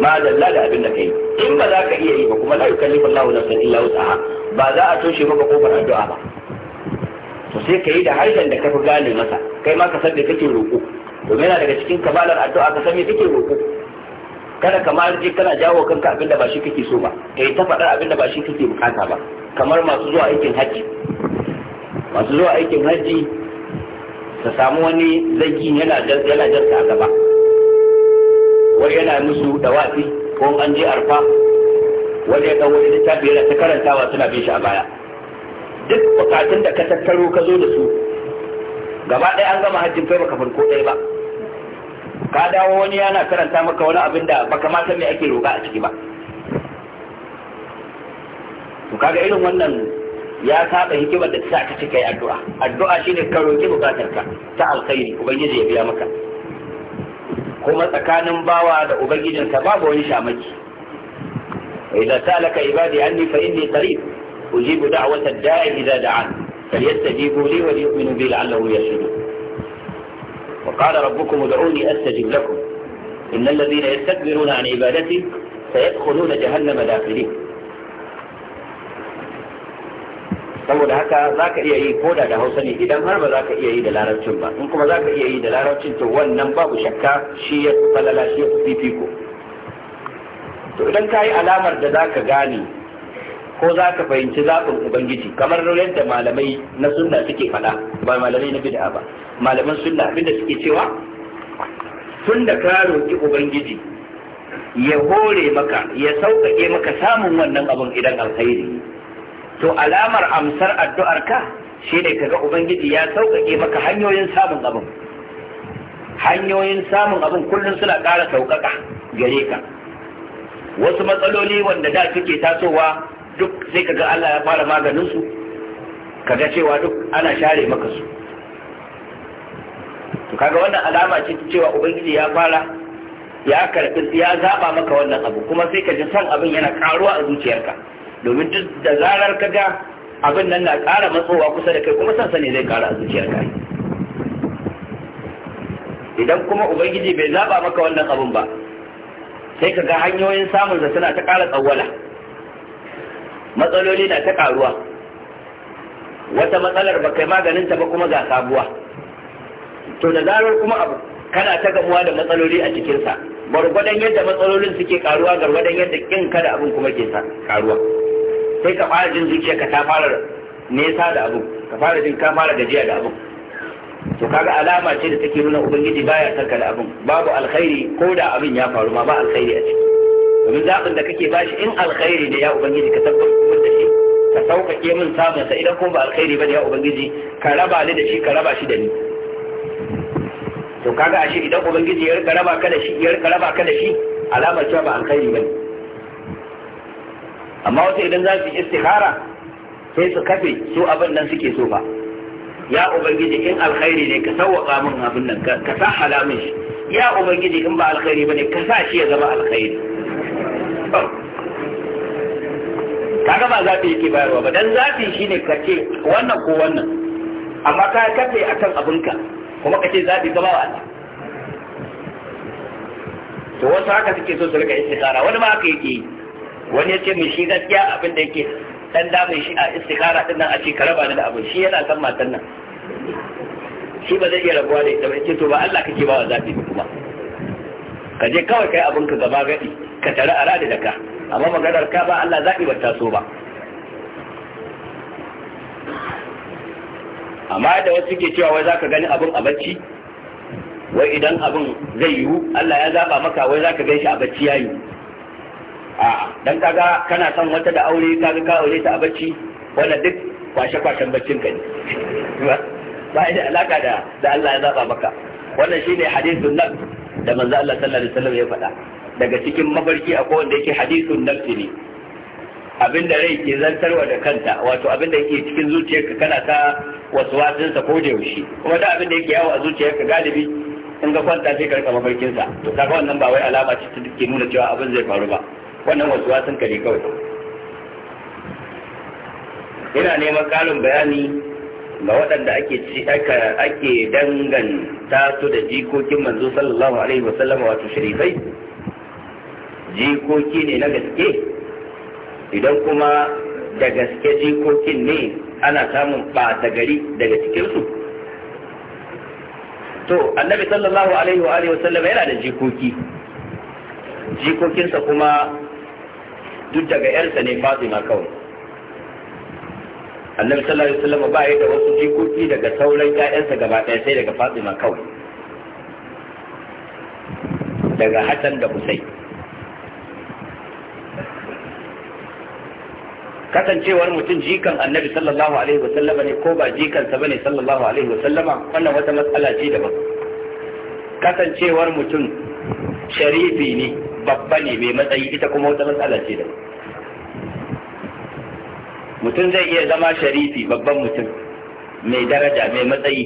ma dalla da abin da kai in ba za ka iya yi ba kuma la yukallifu Allahu nafsan illa wus'aha ba za a toshe maka kofar addu'a ba to sai ka yi da harshen da ka fi gane masa kai ma ka san da kake roƙo domin yana daga cikin kamalar addu'a ka san me kake roƙo kada kamar je kana jawo kanka abin da ba shi kake so ba kai ta faɗar abin da ba shi kake bukata ba kamar masu zuwa aikin hajji masu zuwa aikin hajji ta samu wani zagi yana yana jarka a gaba wani yana musu wasi ko an je arfa wani ya wani littafi yana ta karantawa suna bin shi a baya duk bukatun da ka tattaro ka zo da su gaba ɗaya an gama hajjin kai baka farko ɗaya ba ka dawo wani yana karanta maka wani abin da baka ma san me ake roƙa a ciki ba to kaga irin wannan ya saba hikimar da ta ka cika yi addu'a addu'a shine ka roƙi bukatar ka ta alkhairi ubangiji ya biya maka kuma tsakanin bawa da ubangijinsa babu wani shamaki idan salaka ibadi anni fa inni qarib ujibu da'wata da'i idza da'an falyastajibu li wa liyu'minu bi la'allahum yashkurun وقال ربكم ادعوني أستجب لكم إن الذين يستكبرون عن عبادتي سيدخلون جهنم داخلين saboda haka za ka iya yi koda da hausa ne idan har ba za ka iya yi da larabcin ba in kuma za ka iya yi da larabcin to wannan babu shakka shi ya falala shi ya fifiko to idan ka yi alamar da za ka gane ko za ka fahimci zaɓin ubangiji kamar yadda malamai na sunna suke faɗa ba malamai na bid'a ba malaman sunna abinda suke cewa tun da ka roƙi ubangiji ya hore maka ya sauƙaƙe maka samun wannan abin idan alkhairi to alamar amsar addu'ar ka ne kaga ubangiji ya sauƙaƙe maka hanyoyin samun abin hanyoyin samun abin kullum suna ƙara sauƙaƙa gare ka wasu matsaloli wanda da suke tasowa duk sai kaga Allah ya fara maganin su ga cewa duk ana share maka su to kaga wannan alama ce ta cewa ubangiji ya fara ya karbi ya zaba maka wannan abu kuma sai ka ji san abin yana karuwa a zuciyarka domin duk da zarar ka ga abin nan na kara matsowa kusa da kai kuma san sani zai ƙara a zuciyarka idan kuma ubangiji bai zaba maka wannan abin ba sai ka ga hanyoyin samun da suna ta ƙara tsawwala matsaloli na ta karuwa wata matsalar ba kai maganinta ba kuma ga sabuwa to da zarar kuma abu kana ta gamuwa da matsaloli a cikinsa gwargwadon yadda matsalolin suke karuwa gwargwadon yadda kin kada abin kuma ke karuwa sai ka fara jin zuciya ka ta fara nesa da abu ka fara jin ka fara gajiya da abin to kaga alama ce da take nuna ubangiji baya sarka da abin babu alkhairi ko da abin ya faru ma ba alkhairi a ciki domin zaɓin da kake bashi in alkhairi ne ya ubangiji ka tabbatar da shi ka sauƙaƙe min samun sa idan kuma ba alkhairi ba bane ya ubangiji ka raba ni da shi ka raba shi da ni to kaga ashe idan ubangiji ya rika raba ka da shi ya rika raba ka da shi alamar cewa ba alkhairi ba ne. amma wasu idan za su yi istikhara sai su kafe su abin nan suke so ba ya ubangiji in alkhairi ne ka sawwaka min abin nan ka sa halamin shi ya ubangiji in ba alkhairi ba ne, ka sa shi ya zama alkhairi kaga ba zaɓi yake bayarwa ba dan zaɓi shine ka ce wannan ko wannan amma ka kafe akan abinka kuma ka ce zaɓi ka ba wa Allah to wasu haka suke so su riga istikhara wani ma haka yake yi wani ya ce mai shi gaskiya abin da yake dan mai shi a istikhara din nan a ce ka raba ni da abin shi yana san matan nan shi ba zai iya rabuwa da ita ba ce to ba Allah kake ba wa zafi kuma ka je kawai kai abin ka gaba gadi ka tare a da ka amma maganar ka ba Allah zaɓi ba taso ba amma da wasu ke cewa wai zaka gani abin a bacci wai idan abin zai yiwu Allah ya zaɓa maka wai zaka gan shi a bacci yi a dan kaga kana son wata da aure kaga ka aure ta a bacci wanda duk kwashe kwashen baccin ka ne ba da alaka da da Allah ya zaɓa maka wannan shine hadisin nan da manzo Allah sallallahu alaihi wasallam ya faɗa daga cikin mafarki akwai wanda yake hadisun nafsi ne abinda rai ke zantarwa da kanta wato abinda yake cikin zuciyarka kana ta wasu wasinsa ko da yaushe kuma da abinda yake yawo a zuciyarka galibi in ga kwanta sai ka rika mafarkinsa to kaga wannan ba wai alama ce ta ke nuna cewa abin zai faru ba wannan wasu wasin ka ne kawai Ina neman ƙarin bayani ga waɗanda ake ake danganta su da jikokin manzo sallallahu alaihi wasallam wato sharifai jikoki ne na gaske idan kuma da gaske jikokin ne ana samun ɓata gari daga cikinsu to annabi sallallahu alaihi wa alihi wasallam yana da jikoki jikokinsa kuma duk daga yarsa ne fatima kawai annabi sallallahu alaihi wasallam ba ya da wasu jikoki daga sauran ƴaƴansa gaba ɗaya sai daga fatima kawai daga Hassan da Hussein kasancewar mutum jikan annabi sallallahu alaihi wa sallama ne ko ba jikansa bane sallallahu alaihi wa sallama wannan wata matsala ce daban kasancewar mutum sharifi ne babba ne mai matsayi ita kuma wata matsala ce daban mutum zai iya zama sharifi babban mutum mai daraja mai matsayi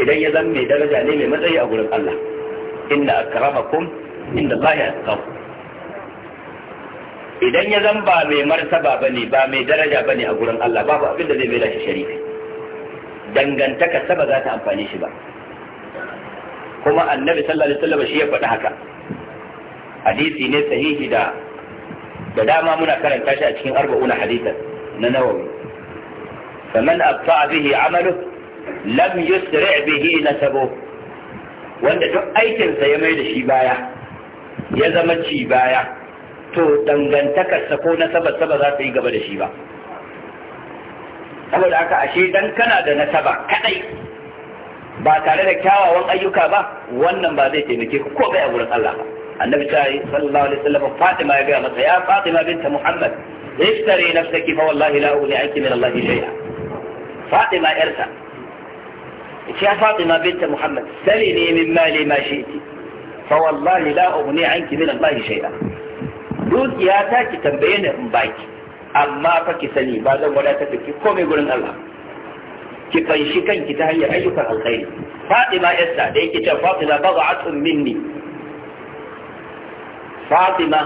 idan ya zama mai daraja ne mai matsayi a gurin Allah inna akramakum inda Allah ya tsawo idan ya zan ba mai martaba ba ne ba mai daraja ba ne a gurin Allah babu abin da zai mai shi sharifi dangantaka saba za ta amfani shi ba kuma annabi sallallahu alaihi wasallam shi ya faɗi haka hadisi ne sahihi da da dama muna karanta shi a cikin arba'una hadisan na nawawi faman abta bihi amalu lam yusri bihi nasabu wanda duk aikinsa ya mai da shi baya ya zama ci baya to dangantakarsa ko nasabarsa ba za ta yi gaba da shi ba saboda haka ashe dan kana da nasaba kadai ba tare da kyawawan ayyuka ba wannan ba zai taimake ku ko bai a wurin Allah ba annabi sallallahu alaihi wasallam Fatima ya ga masa ya Fatima binta Muhammad ishtari nafsaki fa wallahi la ugni anki min Allah shay'a Fatima yarsa ya Fatima binta Muhammad ne min mali ma shi'ti fa wallahi la ugni anki min Allah shay'a dukiya ta ki tambaye ni in baki amma fa ki sani ba zan wadatar da ki komai gurin Allah ki fanshi kanki ta hanyar ayyukan alkhairi Fatima Esther da yake ta Fatima baghatun minni Fatima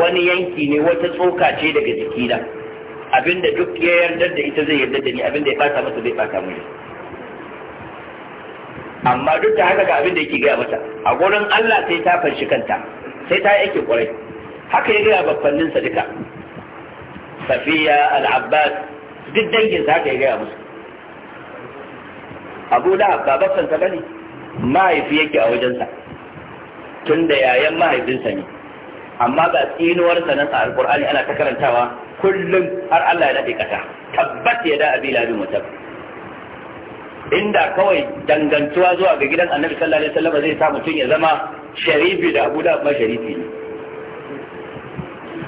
wani yanki ne wata tsoka ce daga jikina abinda duk ya yarda da ita zai yarda da ni abinda ya fata masa zai fata mini amma duk da haka ga abinda yake gaya mata a gurin Allah sai ta fanshi kanta sai ta yake kwarai haka ya gaya babbannin sa duka safiya al-abbas duk dangin sa haka ya gaya musu abu da ba babban sa bane mahaifi yake a wajensa tun da yayan mahaifinsa ne amma ga tsinuwar sa na alqur'ani ana ta karantawa kullum har Allah ya nade kata tabbat ya da abi labin mutab inda kawai dangantuwa zuwa ga gidan annabi sallallahu alaihi wasallam zai sa mutum ya zama sharifi da abu da ma sharifi ne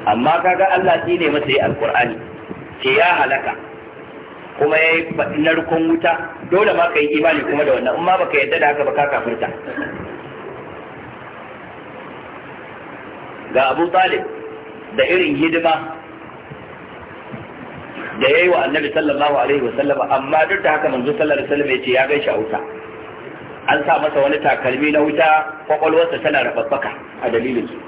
amma kaga Allah shi ne masa yi alkur'ani ce ya halaka kuma ya yi narkon wuta dole ma ka yi imani kuma da wannan amma baka yadda da haka ba ka kafirta ga abu talib da irin hidima da ya yi wa annabi sallallahu alaihi wa sallama amma duk da haka manzo sallallahu alaihi wa sallama ya ce ya gaishe a wuta an sa masa wani takalmi na wuta kwakwalwarsa tana rababbaka a dalilin su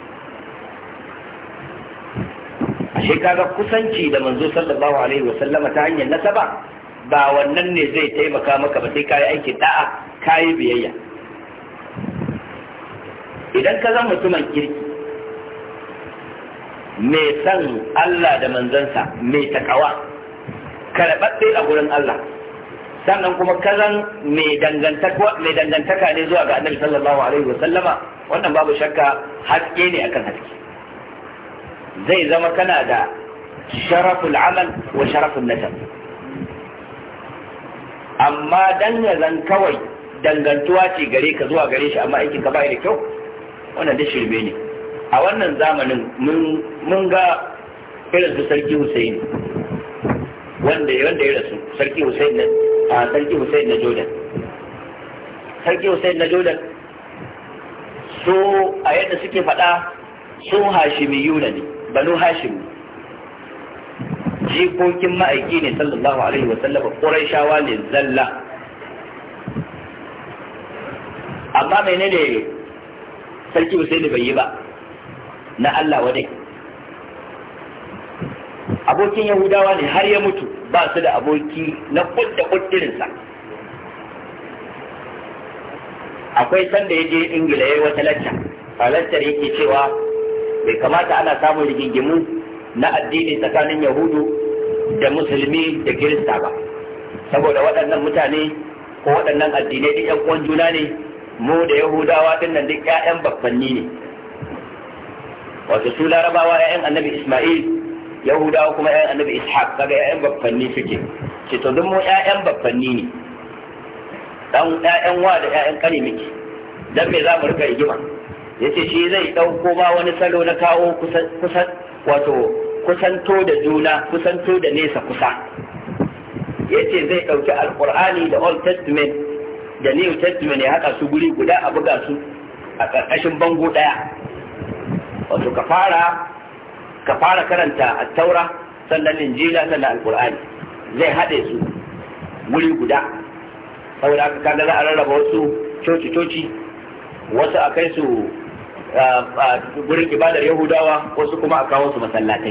ashe kaga kusanci da manzo sallallahu alaihi wa sallama ta hanyar nasaba ba wannan ne zai taimaka maka ba sai kayi aikin da'a kayi biyayya idan ka zama mutumin kirki mai san Allah da manzansa mai takawa karɓaɓɓe a gurin Allah sannan kuma kazan mai dangantaka ne zuwa ga annabi sallallahu alaihi wa sallama wannan babu shakka haske ne akan haske zai zama kana da sharaful amal wa sharaful nasab amma zan kawai dangantuwa ce gare ka zuwa gare shi amma aikin ka bai da kyau wannan da shirme ne a wannan zamanin mun ga irin su sarki Hussein wanda wanda ya rasu sarki Hussein na a sarki Hussein na Jordan sarki Hussein na Jordan so a yadda suke faɗa sun Hashimiyu ne banu hashim jikokin ma'aiki ne sallallahu alaihi wasallam shawa ne zalla amma menene sarki Usaini bai yi ba na Allah wadai abokin Yahudawa ne har ya mutu ba su da aboki na kudda kudirinsa akwai sanda ya je Ingila ya yi wata lacca a lacca yake cewa bai kamata ana samun rigingimu na addini tsakanin yahudu da musulmi da kirista ba saboda waɗannan mutane ko waɗannan addinai duk 'yan uwan juna ne mu da yahudawa din nan duk ƴaƴan babbanni ne wato su larabawa ƴaƴan annabi isma'il yahudawa kuma ƴaƴan annabi ishaq kaga ƴaƴan babbanni suke ce to duk mu ƴaƴan babbanni ne dan ƴaƴan wa da ƴaƴan kare muke dan me za mu rika rigima yace shi zai ɗauko ba wani salo na kawo kusan wato kusanto da juna kusanto da nesa kusa yace zai ɗauki Alƙur'ani da old testament da new testament ya haɗa su guri guda a buga su a ƙarƙashin bango ɗaya wato ka fara ka fara karanta at-taura sannan injila sannan Alƙur'ani zai haɗe su guri guda saboda haka kaga za a rarraba wasu coci-coci wasu a kai su gurin ibadar yahudawa wasu kuma a kawo su masallatai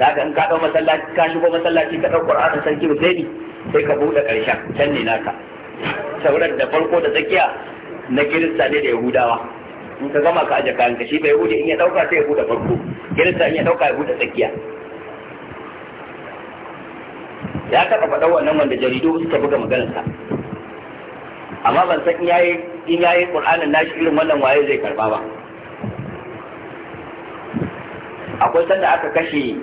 haka in ka ɗau masallaci ka shigo masallaci ka ɗau ƙur'ani sarki Husaini sai ka buɗe ƙarshen can ne naka sauran da farko da tsakiya na kirista ne da yahudawa in ka gama ka aje kayan kashi bai yahudi in ya ɗauka sai ya buɗe farko kirista in ya ɗauka ya buɗe tsakiya ya taɓa faɗa wannan wanda jaridu suka buga maganarsa amma ban san in yayi in yayi Qur'anin nashi irin wannan waye zai karba ba akwai sanda aka kashe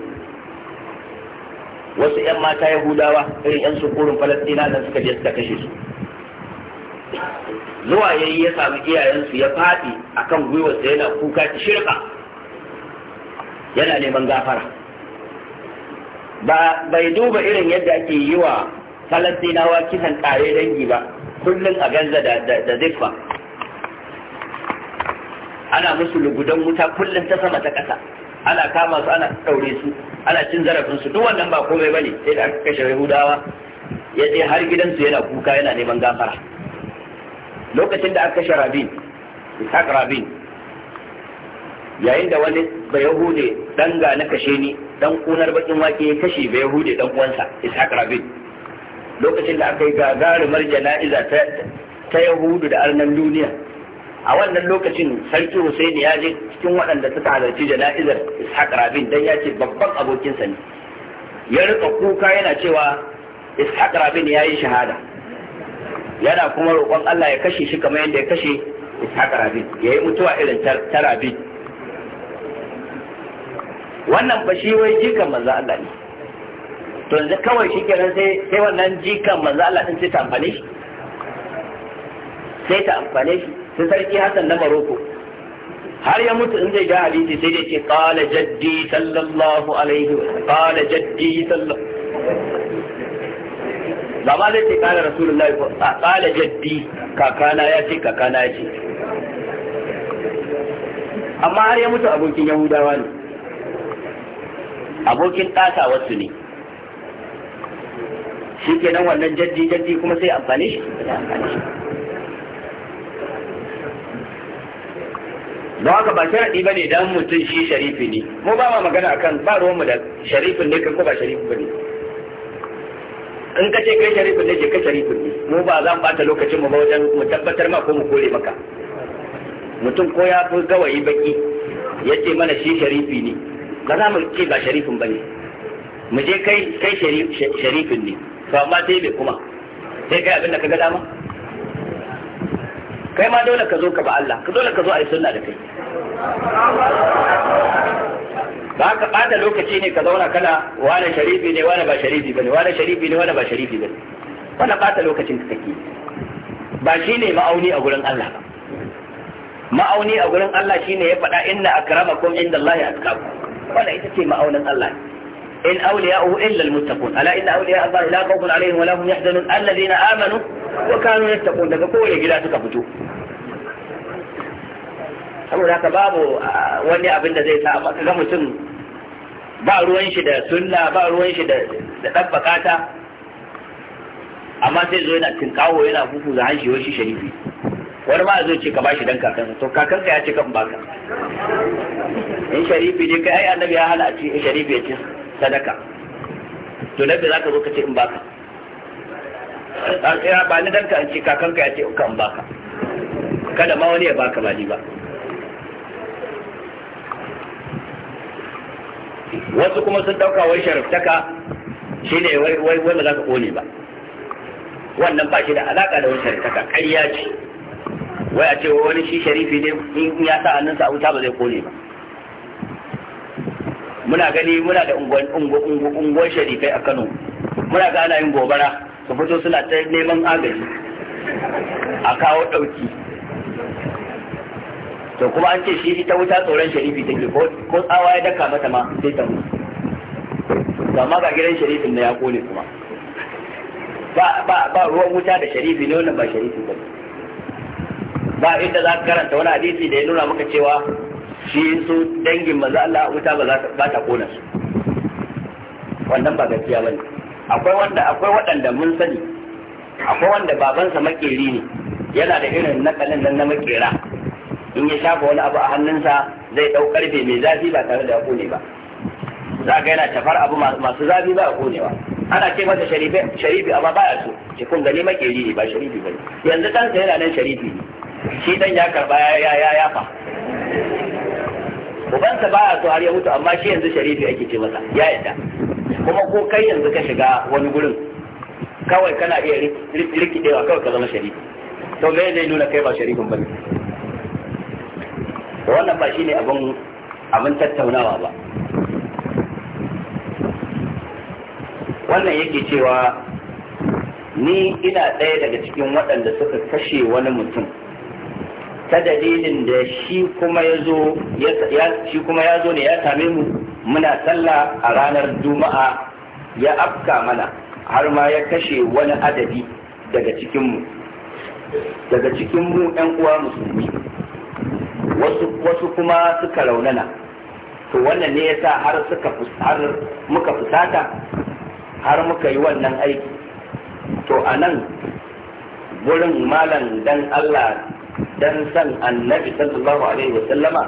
wasu 'yan mata yahudawa irin 'yan sukurin falastina da suka je suka kashe su zuwa ya yi ya sami iyayensu ya faɗi a kan gwiwarsa yana kuka ta shirka yana neman gafara ba bai duba irin yadda ake yi wa falastinawa kisan ƙare dangi ba kullum a ganza da zifa ana musu lugudan wuta kullum ta sama ta ƙasa ana kama su ana ɗaure su ana cin zarafin su duk wannan ba komai bane sai da aka kashe Yahudawa ya je har gidansu yana kuka yana neman gafara lokacin da aka kashe Rabin Ishaq Rabin yayin da wani ba Yahude dan ga na kashe ni dan kunar bakin wake ya kashe ba Yahude dan uwansa Ishaq Rabin lokacin da aka yi gagarumar jana'iza ta Yahudu da arnan duniya a wannan lokacin sarki Hussein ya je cikin waɗanda suka halarci jana'izar Ishaq Rabin dan ya ce babban abokinsa ne ya rika kuka yana cewa Ishaq Rabin ya yi shahada yana kuma roƙon Allah ya kashe shi kamar yadda ya kashe Ishaq Rabin ya yi mutuwa irin ta Rabin wannan ba shi wai jikan manzo Allah ne to yanzu kawai shi kenan sai sai wannan jikan manzo Allah din sai ta amfane shi sai ta amfane shi sai sarki Hassan na Maroko har ya mutu in zai ga hadisi sai dai ce qala jaddi sallallahu alaihi wa sallam qala jaddi sallallahu ba ma zai ce qala rasulullahi qala jaddi kakana ya ce kakana ya ce amma har ya mutu abokin yahudawa ne abokin ɗata wasu ne shi kenan wannan jaddi jaddi kuma sai amfani shi don haka ba sharaɗi ba ne don mutum shi sharifi ne mu ba ma magana akan ba ruwanmu da sharifin ne ko ba sharifi ba ne in ka ce kai sharifin ne ke kai sharifin ne mu ba za mu bata lokacin mu ba wajen mu tabbatar ma ko mu kore maka mutum ko ya fi gawayi baki ya ce mana shi sharifi ne ba za mu ce ba sharifin ba ne mu je kai kai sharifin ne to amma sai bai kuma sai kai abin da ka ga dama kai ma dole ka zo ka ba Allah ka dole ka zo a yi sunna da kai ba ka bata lokaci ne ka zauna kana wani sharifi ne wani ba sharifi bane wani sharifi ne wani ba sharifi bane wannan bata lokacin ka kake ba shi ne ma'auni a gurin Allah ba ma'auni a gurin Allah shine ya faɗa inna akramakum ya atqakum wannan ita ce ma'aunin Allah in awliya'uhu illa almuttaqun ala inna awliya Allah la khawfun alaihim wa la hum yahzanun alladhina amanu wa kanu yattaqun daga kowace gida suka fito saboda haka babu wani abin da zai sa amma ga mutum ba ruwan shi da sunna ba ruwan shi da dan bakata amma sai zo yana tinkawo yana buku za hanshi wani sharifi wani ma zo ce ka bashi dan kakansa to kakan ka ya ce kan baka in sharifi ne kai ai annabi ya hana a ce in sharifi ya ce sadaka to dan za ka zo ka ce in baka ba ni ka in ce ka ya ce kan baka kada ma wani ya baka ba ni ba wasu kuma sun dauka wai sharaftaka shine wai wai wai za ka kone ba wannan ba shi da alaka da wani sharaftaka ƙarya ce wai a ce wani shi sharifi ne in ya sa hannunsa sa wuta ba zai kone ba muna gani muna da unguwar sharifai a Kano muna ga ana yin gobara su fito suna ta neman agaji a kawo ɗauki to kuma an ce shi ita wuta tsoron sharifi ta ke ko tsawa ya daka mata ma sai ta mutu to amma ga gidan sharifin da ya kone kuma ba ba ba ruwan wuta da sharifi ne wannan ba sharifi ba ba inda za ka karanta wani hadisi da ya nuna maka cewa shi su dangin maza Allah wuta ba za ta kona su wannan ba gaskiya ba ne. akwai wanda akwai waɗanda mun sani akwai wanda babansa makeri ne yana da irin nakalin nan na makera in ya shafa wani abu a hannunsa zai ɗau ƙarfe mai zafi ba tare da ya kone ba za ka yana tafar abu masu zafi ba a konewa. ba ana ce masa sharifi amma ba ya so ce kun gani makeri ne ba sharifi ba yanzu kansa yana nan sharifi ne shi dan ya karba ya ya ya fa ubansa baya so har ya mutu amma shi yanzu sharifi ake ce masa ya yadda kuma ko kai yanzu ka shiga wani gurin kawai kana iya rikidewa kawai ka zama sharifi to me zai nuna kai ba sharifin ne. wannan ba shi ne abin tattaunawa ba wannan yake cewa ni ina ɗaya daga cikin waɗanda suka kashe wani mutum ta dalilin da shi kuma ya zo ne ya same mu muna sallah a ranar juma'a ya afka mana har ma ya kashe wani adadi daga cikinmu daga cikinmu 'yan uwa musulmi wasu kuma suka raunana to wannan ne yasa har suka har muka fusata har muka yi wannan aiki to a nan wurin malam dan Allah dan san annabi sallallahu alaihi wa sallama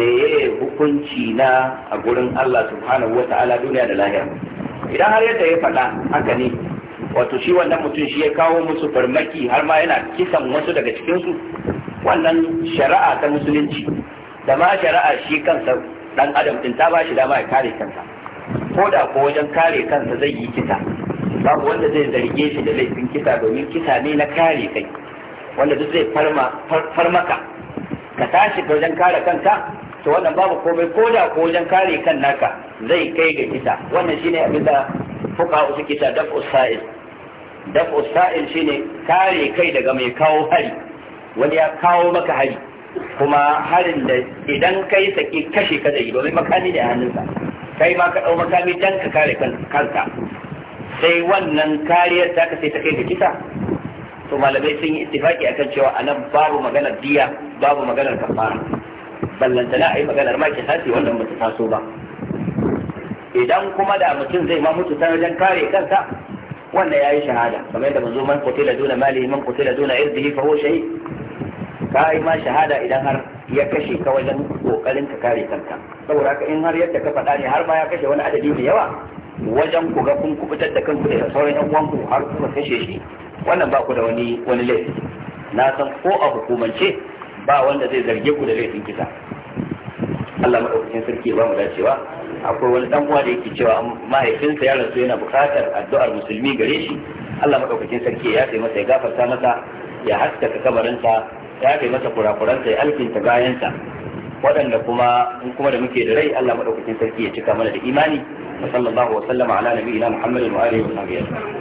yaya hukunci na a gurin Allah subhanahu wa ta'ala duniya da lahira idan har yadda ya faɗa haka ne wato shi wannan mutum shi ya kawo musu farmaki har ma yana kisan wasu daga cikinsu wannan shari'a ta musulunci da ma shari'a shi kansa dan adam din ta bashi dama ya kare kansa ko da ko wajen kare kansa zai yi kisa babu wanda zai zarge shi da laifin kisa domin kisa ne na kare kai wanda duk zai farmaka ka tashi ka wajen kare kanka to wannan babu komai ko da ko wajen kare kan naka zai kai ga kisa wannan shine abin da fuka suke ta daf'us sa'il daf'us sa'il shine kare kai daga mai kawo hari wani ya kawo maka hari kuma harin da idan kai saki kashe ka yi domin makami da hannunsa kai ma ka ɗau makami dan ka kare kanka sai wannan kariyar ta sai ta kai da kisa to malamai sun yi ittifaki akan cewa anan babu maganar diya babu maganar kafara ballantana a yi maganar ma ki sati wannan ba ta taso ba idan kuma da mutum zai ma mutu ta wajen kare kansa wannan ya yi shahada kamar yadda manzo man kutila duna malihi man kutila duna irdihi fa huwa shahid ka yi ma shahada idan har ya kashe ka wajen kokarin ka kare kanka saboda ka in har yadda ka faɗa ne har ma ya kashe wani adadi mai yawa wajen ku ga kun kubutar da kanku da sauran yan uwanku har kuma kashe shi wannan ba ku da wani wani laifi na san ko a hukumance ba wanda zai zarge ku da laifin kisa Allah madaukakin sarki ba mu dacewa akwai wani dan uwa da yake cewa mahaifinsa ya rasu yana bukatar addu'ar musulmi gare shi Allah madaukakin sarki ya sai masa ya gafarta masa ya haskaka kabarinsa ya bai mata kurakuranta ya alkinta bayansa waɗanda kuma in kuma da muke da rai Allah madaukakin sarki ya cika mana da imani wa sallallahu wa sallama ala nabiyina Muhammadin wa alihi wa sahbihi